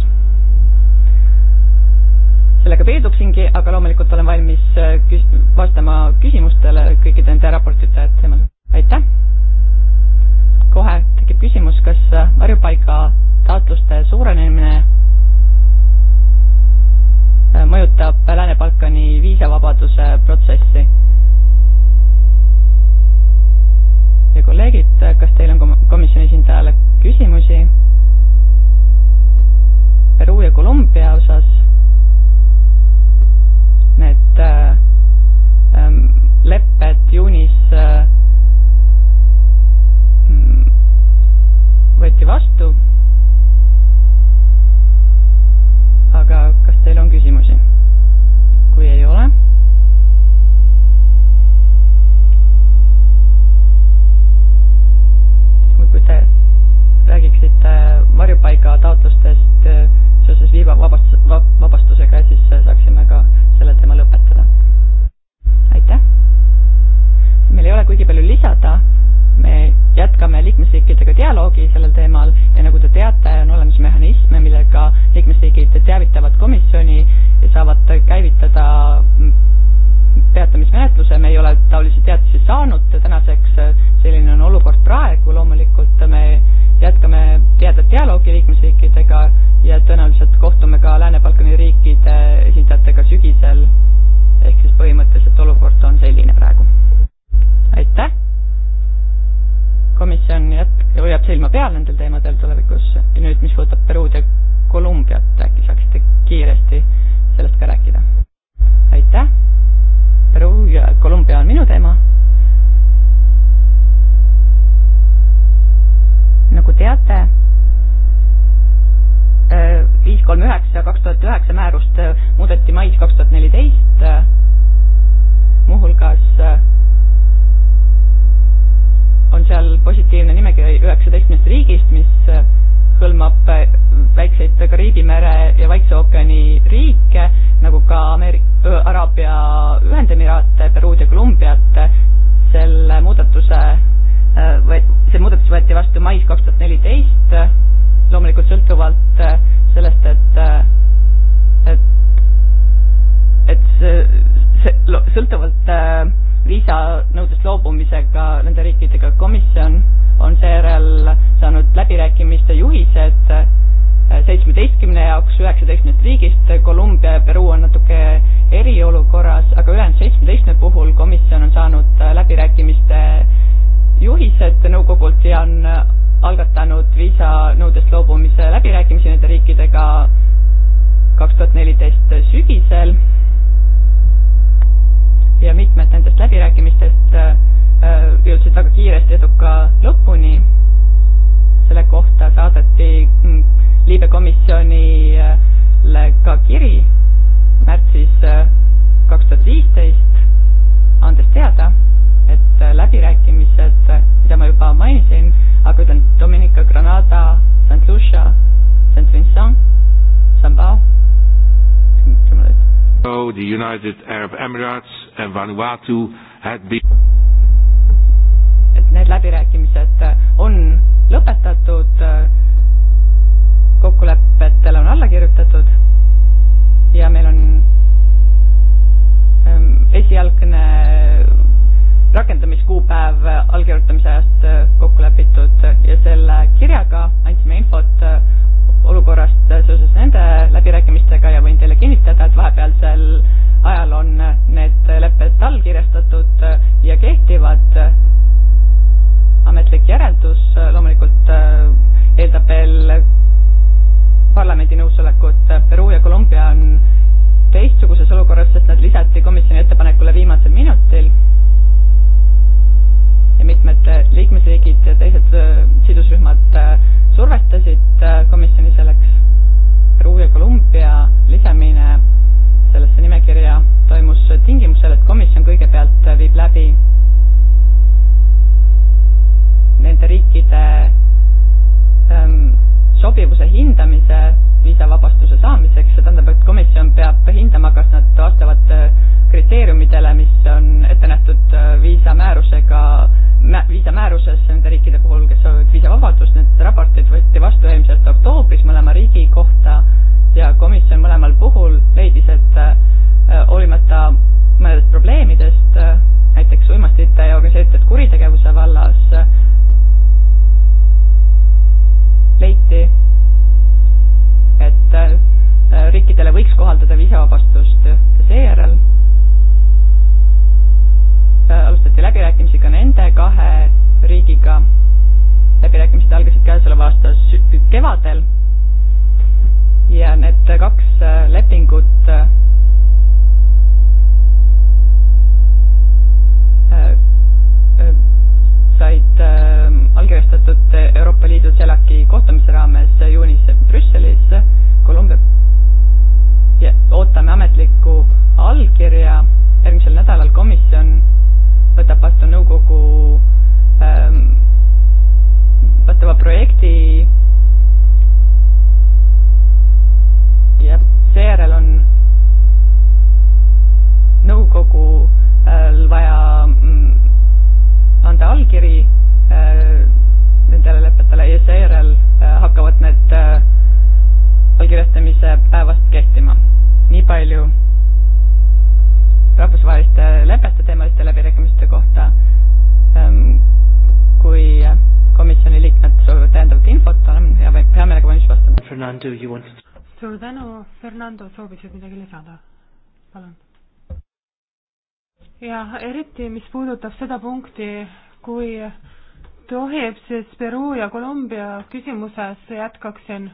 sellega piirduksingi, aga loomulikult olen valmis äh, küs-, vastama küsimustele kõikide nende raportite teemal. aitäh! kohe tekib küsimus, kas äh, varjupaiga taotluste suurenemine mõjutab Lääne-Balkani viisavabaduse protsessi ja kolleegid, kas teil on komisjoni esindajale küsimusi Peruu ja Kolumbia osas? Need äh, ähm, lepped juunis äh, mm, võeti vastu Araabia Ühendemiraate, Peruud ja Kolumbiat. selle muudatuse, äh, see muudatus võeti vastu mais kaks tuhat neliteist, loomulikult sõltuvalt äh, sellest, et, äh, et, et see, see sõltuvalt viisanõudest loobumisega nende riikidega komisjon on seejärel saanud läbirääkimiste juhised seitsmeteistkümne jaoks üheksateistkümnest riigist, Kolumbia ja Peruu on natuke eriolukorras, aga ülejäänud seitsmeteistkümne puhul komisjon on saanud äh, läbirääkimiste juhised nõukogult ja on äh, algatanud viisanõudest loobumise läbirääkimisi nende riikidega kaks tuhat neliteist sügisel ja mitmed nendest läbirääkimistest äh, jõudsid väga kiiresti eduka lõpuni selle kohta saadeti mm, Liibe komisjonile ka kiri märtsis äh, kaks tuhat viisteist, andes teada, et äh, läbirääkimised, äh, mida ma juba mainisin, aga ütlen Dominica, Granada, St Lucia, St Vincent, Samba, the United Arab Emirates and Vanuatu had been et need läbirääkimised äh, on lõpetatud, äh, kokkulepetele on alla kirjutatud ja meil on ähm, esialgne rakendamiskuupäev allkirjutamise ajast äh, kokku lepitud ja selle kirjaga andsime infot olukorrast seoses nende läbirääkimistega ja võin teile kinnitada, et vahepealsel ajal on need lepped allkirjastatud ja kehtivad ametlik järeldus äh, loomulikult äh, eeldab veel parlamendi nõusolekut. Peru ja Kolumbia on teistsuguses olukorras, sest nad lisati komisjoni ettepanekule viimasel minutil ja mitmed liikmesriigid ja teised äh, sidusrühmad survestasid komisjoni selleks. Peru ja Kolumbia lisamine sellesse nimekirja toimus tingimusel, et komisjon kõigepealt viib läbi nende riikide ähm, sobivuse hindamise viisavabastuse saamiseks, see tähendab, et komisjon peab hindama, kas nad vastavad äh, kriteeriumidele, mis on ette nähtud äh, viisamäärusega, viisamääruses nende riikide puhul, kes soovivad viisavabadust, need raportid võeti vastu eelmise aasta oktoobris mõlema riigi kohta ja komisjon mõlemal puhul leidis, et äh, hoolimata mõnedest probleemidest, näiteks uimastite ja organiseeritud kuritegevuse vallas, leiti, et äh, äh, riikidele võiks kohaldada viisavabastust ja seejärel äh, alustati läbirääkimisi ka nende kahe riigiga. läbirääkimised algasid käesoleva aasta kevadel ja need kaks lepingut said ähm, allkirjastatud Euroopa Liidu CELAC-i kohtumise raames juunis Brüsselis. Kolumbia ootame ametlikku allkirja, järgmisel nädalal komisjon võtab vastu nõukogu ähm, vastava projekti ja seejärel on nõukogul äh, vaja mm, anda allkiri äh, nendele lepetele ja seejärel äh, hakkavad need äh, allkirjastamise päevast kehtima. nii palju rahvusvaheliste lepete teemaliste läbirääkimiste kohta. Ähm, kui komisjoni liikmed soovivad täiendavat infot, olen hea, hea meelega valmis vastama. suur tänu, Fernando, soovisid midagi lisada? palun ja eriti, mis puudutab seda punkti, kui tohib, siis Peruu ja Kolumbia küsimuses jätkaksin.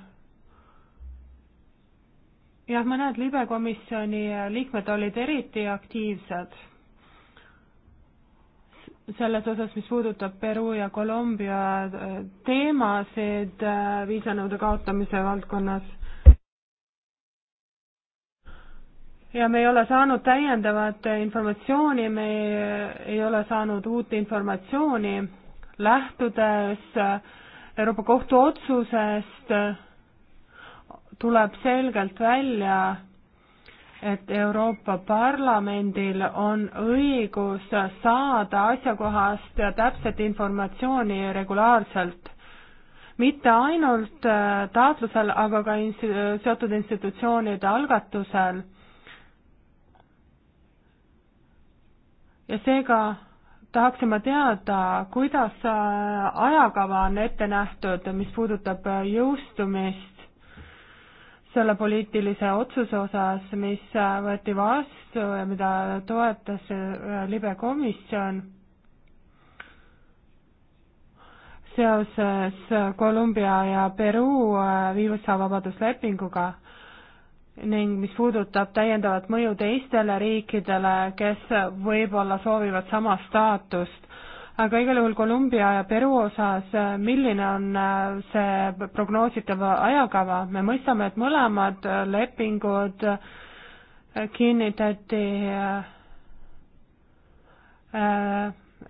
jah, mõned libekomisjoni liikmed olid eriti aktiivsed selles osas, mis puudutab Peruu ja Kolumbia teemasid viisanõude kaotamise valdkonnas ja me ei ole saanud täiendavat informatsiooni, me ei ole saanud uut informatsiooni, lähtudes Euroopa Kohtu otsusest tuleb selgelt välja, et Euroopa Parlamendil on õigus saada asjakohast ja täpset informatsiooni regulaarselt. mitte ainult taotlusel, aga ka inst-, seotud institutsioonide algatusel ja seega tahaksime teada, kuidas äh, ajakava on ette nähtud, mis puudutab äh, jõustumist selle poliitilise otsuse osas, mis äh, võeti vastu ja mida toetas libe komisjon seoses Kolumbia ja Peruu viisavabaduslepinguga ning mis puudutab täiendavat mõju teistele riikidele, kes võib-olla soovivad sama staatust. aga igal juhul Kolumbia ja Peru osas, äh, milline on äh, see prognoositav ajakava, me mõistame, et mõlemad äh, lepingud kinnitati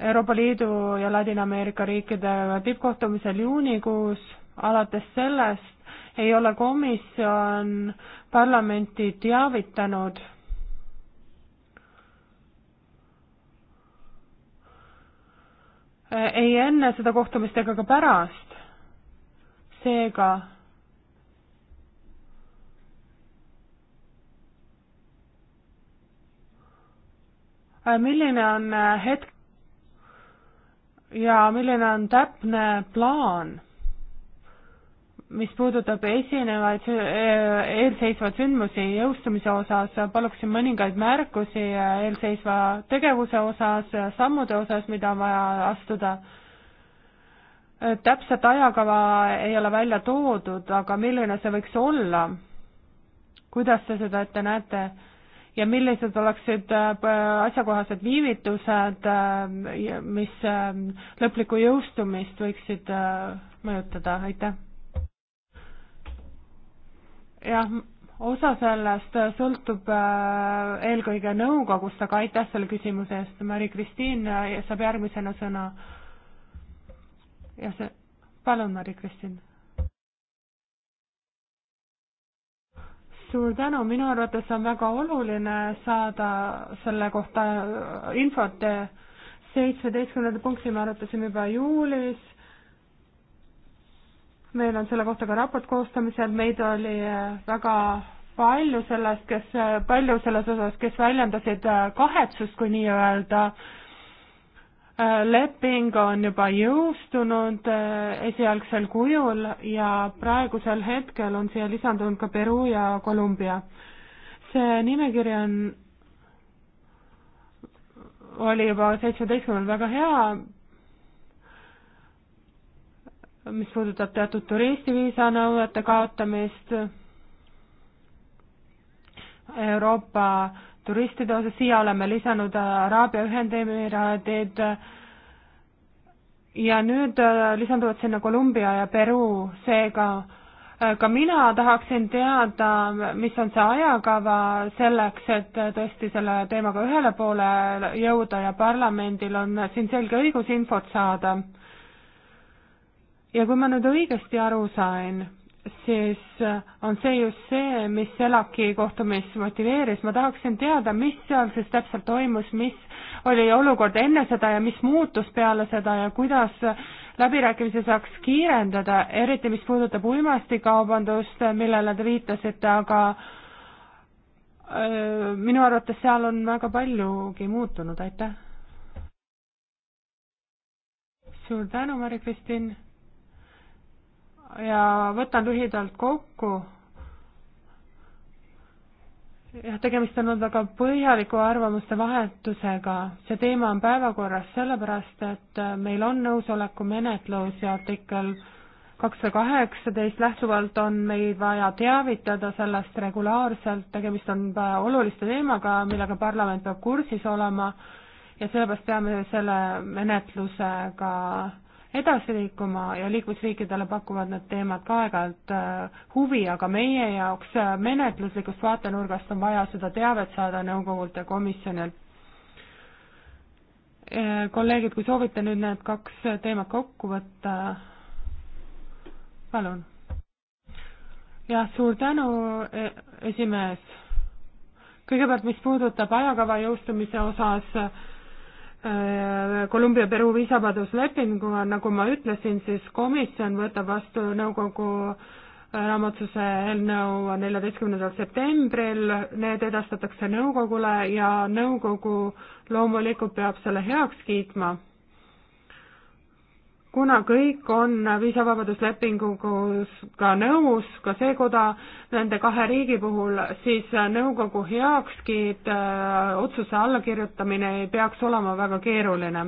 Euroopa Liidu ja Ladina-Ameerika riikide tippkohtumisel juunikuus, alates sellest ei ole komisjon parlamenti teavitanud ei enne seda kohtumist ega ka pärast. seega milline on hetk ja milline on täpne plaan? mis puudutab esinevaid, äh, eelseisvaid sündmusi jõustumise osas, paluksin mõningaid märkusi äh, eelseisva tegevuse osas, äh, sammude osas, mida on vaja astuda. täpset ajakava ei ole välja toodud, aga milline see võiks olla? kuidas te seda ette näete? ja millised oleksid asjakohased viivitused, mis lõplikku jõustumist võiksid mõjutada, aitäh! jah, osa sellest sõltub äh, eelkõige nõukogust, aga aitäh selle küsimuse eest, Mari-Kristiin saab järgmisena sõna. jah, see, palun, Mari-Kristiin. suur tänu, minu arvates on väga oluline saada selle kohta infot. seitsmeteistkümnenda punkti me arutasime juba juulis meil on selle kohta ka raport koostamisel, meid oli äh, väga palju sellest, kes, äh, palju selles osas, kes väljendasid äh, kahetsust, kui nii-öelda leping on juba jõustunud esialgsel kujul ja praegusel hetkel on siia lisandunud ka Peru ja Kolumbia. see nimekiri on, oli juba seitsmeteistkümnendal väga hea, mis puudutab teatud turistiviisa nõuete kaotamist Euroopa turistide osas, siia oleme lisanud Araabia Ühendemiraadid ja nüüd lisanduvad sinna Kolumbia ja Peru, seega äh, ka mina tahaksin teada, mis on see ajakava selleks, et tõesti selle teemaga ühele poole jõuda ja parlamendil on siin selge õigus infot saada ja kui ma nüüd õigesti aru sain, siis äh, on see just see, mis ELAK-i kohtumist motiveeris, ma tahaksin teada, mis seal siis täpselt toimus, mis oli olukord enne seda ja mis muutus peale seda ja kuidas äh, läbirääkimisi saaks kiirendada, eriti mis puudutab uimastikaubandust, millele te viitasite, aga öö, äh, minu arvates seal on väga paljugi muutunud, aitäh. suur tänu, Mari-Kristin ja võtan lühidalt kokku. jah, tegemist on olnud väga põhjaliku arvamuste vahetusega. see teema on päevakorras sellepärast, et äh, meil on nõusolekumenetlus ja artikkel kakssada kaheksateist lähtuvalt on meid vaja teavitada sellest regulaarselt, tegemist on äh, oluliste teemaga, millega parlament peab kursis olema ja sellepärast peame selle menetlusega edasi liikuma ja liikmesriikidele pakuvad need teemad ka aeg-ajalt äh, huvi, aga meie jaoks äh, menetluslikust vaatenurgast on vaja seda teavet saada nõukogult ja komisjonilt. Äh, kolleegid, kui soovite nüüd need kaks teemat kokku võtta, palun. jah, suur tänu, e, esimees. kõigepealt, mis puudutab ajakava jõustumise osas, Äh, Kolumbia Peru viisavabaduslepinguga, nagu ma ütlesin, siis komisjon võtab vastu nõukogu äh, raamatuse eelnõu neljateistkümnendal septembril, need edastatakse nõukogule ja nõukogu loomulikult peab selle heaks kiitma kuna kõik on viisavabaduslepinguga nõus, ka see koda nende kahe riigi puhul, siis nõukogu heakskiit, äh, otsuse allakirjutamine ei peaks olema väga keeruline.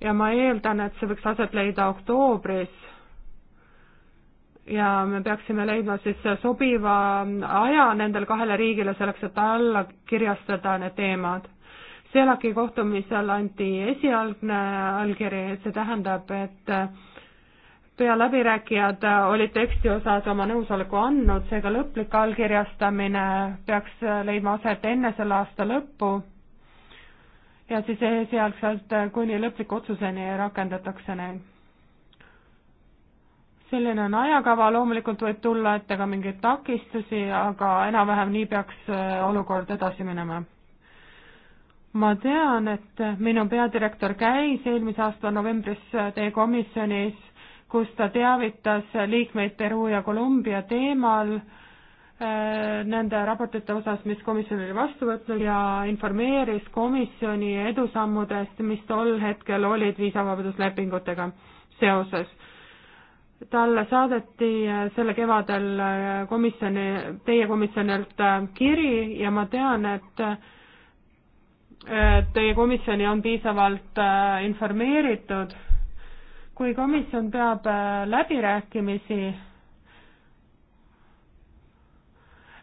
ja ma eeldan, et see võiks aset leida oktoobris ja me peaksime leidma siis sobiva aja nendele kahele riigile selleks, et alla kirjastada need teemad CELAC-i kohtumisel anti esialgne allkiri, see tähendab, et äh, pealäbirääkijad olid teksti osas oma nõusoleku andnud, seega lõplik allkirjastamine peaks leidma aset enne selle aasta lõppu ja siis esialgselt kuni lõpliku otsuseni rakendatakse neid. selline on ajakava, loomulikult võib tulla ette ka mingeid takistusi, aga enam-vähem nii peaks äh, olukord edasi minema ma tean, et minu peadirektor käis eelmise aasta novembris teie komisjonis, kus ta teavitas liikmeid Peru ja Kolumbia teemal äh, nende raportite osas, mis komisjon oli vastu võtnud ja informeeris komisjoni edusammudest, mis tol hetkel olid viisavabaduslepingutega seoses. talle saadeti äh, selle kevadel äh, komisjoni, teie komisjonilt kiri ja ma tean, et teie komisjoni on piisavalt äh, informeeritud. kui komisjon peab äh, läbirääkimisi,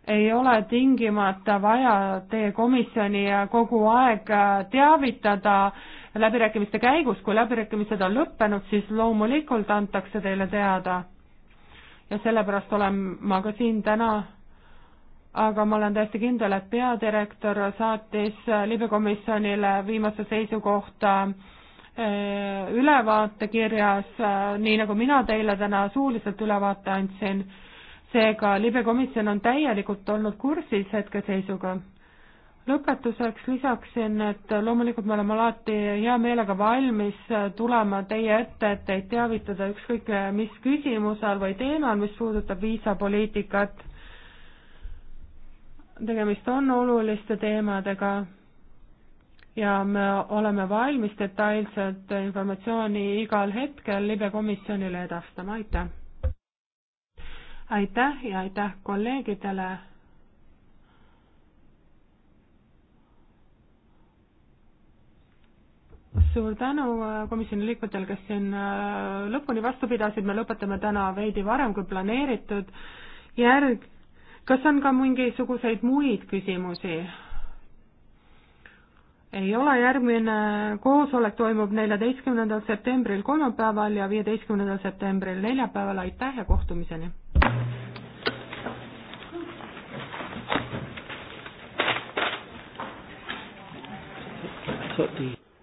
ei ole tingimata vaja teie komisjoni kogu aeg äh, teavitada läbirääkimiste käigus, kui läbirääkimised on lõppenud, siis loomulikult antakse teile teada. ja sellepärast olen ma ka siin täna aga ma olen täiesti kindel, et peadirektor saatis libekomisjonile viimase seisukohta eh, ülevaatekirjas, eh, nii nagu mina teile täna suuliselt ülevaate andsin. seega libekomisjon on täielikult olnud kursis hetkeseisuga. lõpetuseks lisaksin, et loomulikult me oleme alati hea meelega valmis tulema teie ette, et teid teavitada ükskõik mis küsimusel või teemal, mis puudutab viisapoliitikat tegemist on oluliste teemadega ja me oleme valmis detailset informatsiooni igal hetkel libekomisjonile edastama, aitäh! aitäh ja aitäh kolleegidele! suur tänu äh, komisjoni liikmetele, kes siin äh, lõpuni vastu pidasid, me lõpetame täna veidi varem kui planeeritud. järg kas on ka mingisuguseid muid küsimusi? ei ole, järgmine koosolek toimub neljateistkümnendal septembril kolmapäeval ja viieteistkümnendal septembril neljapäeval, aitäh ja kohtumiseni! That's what the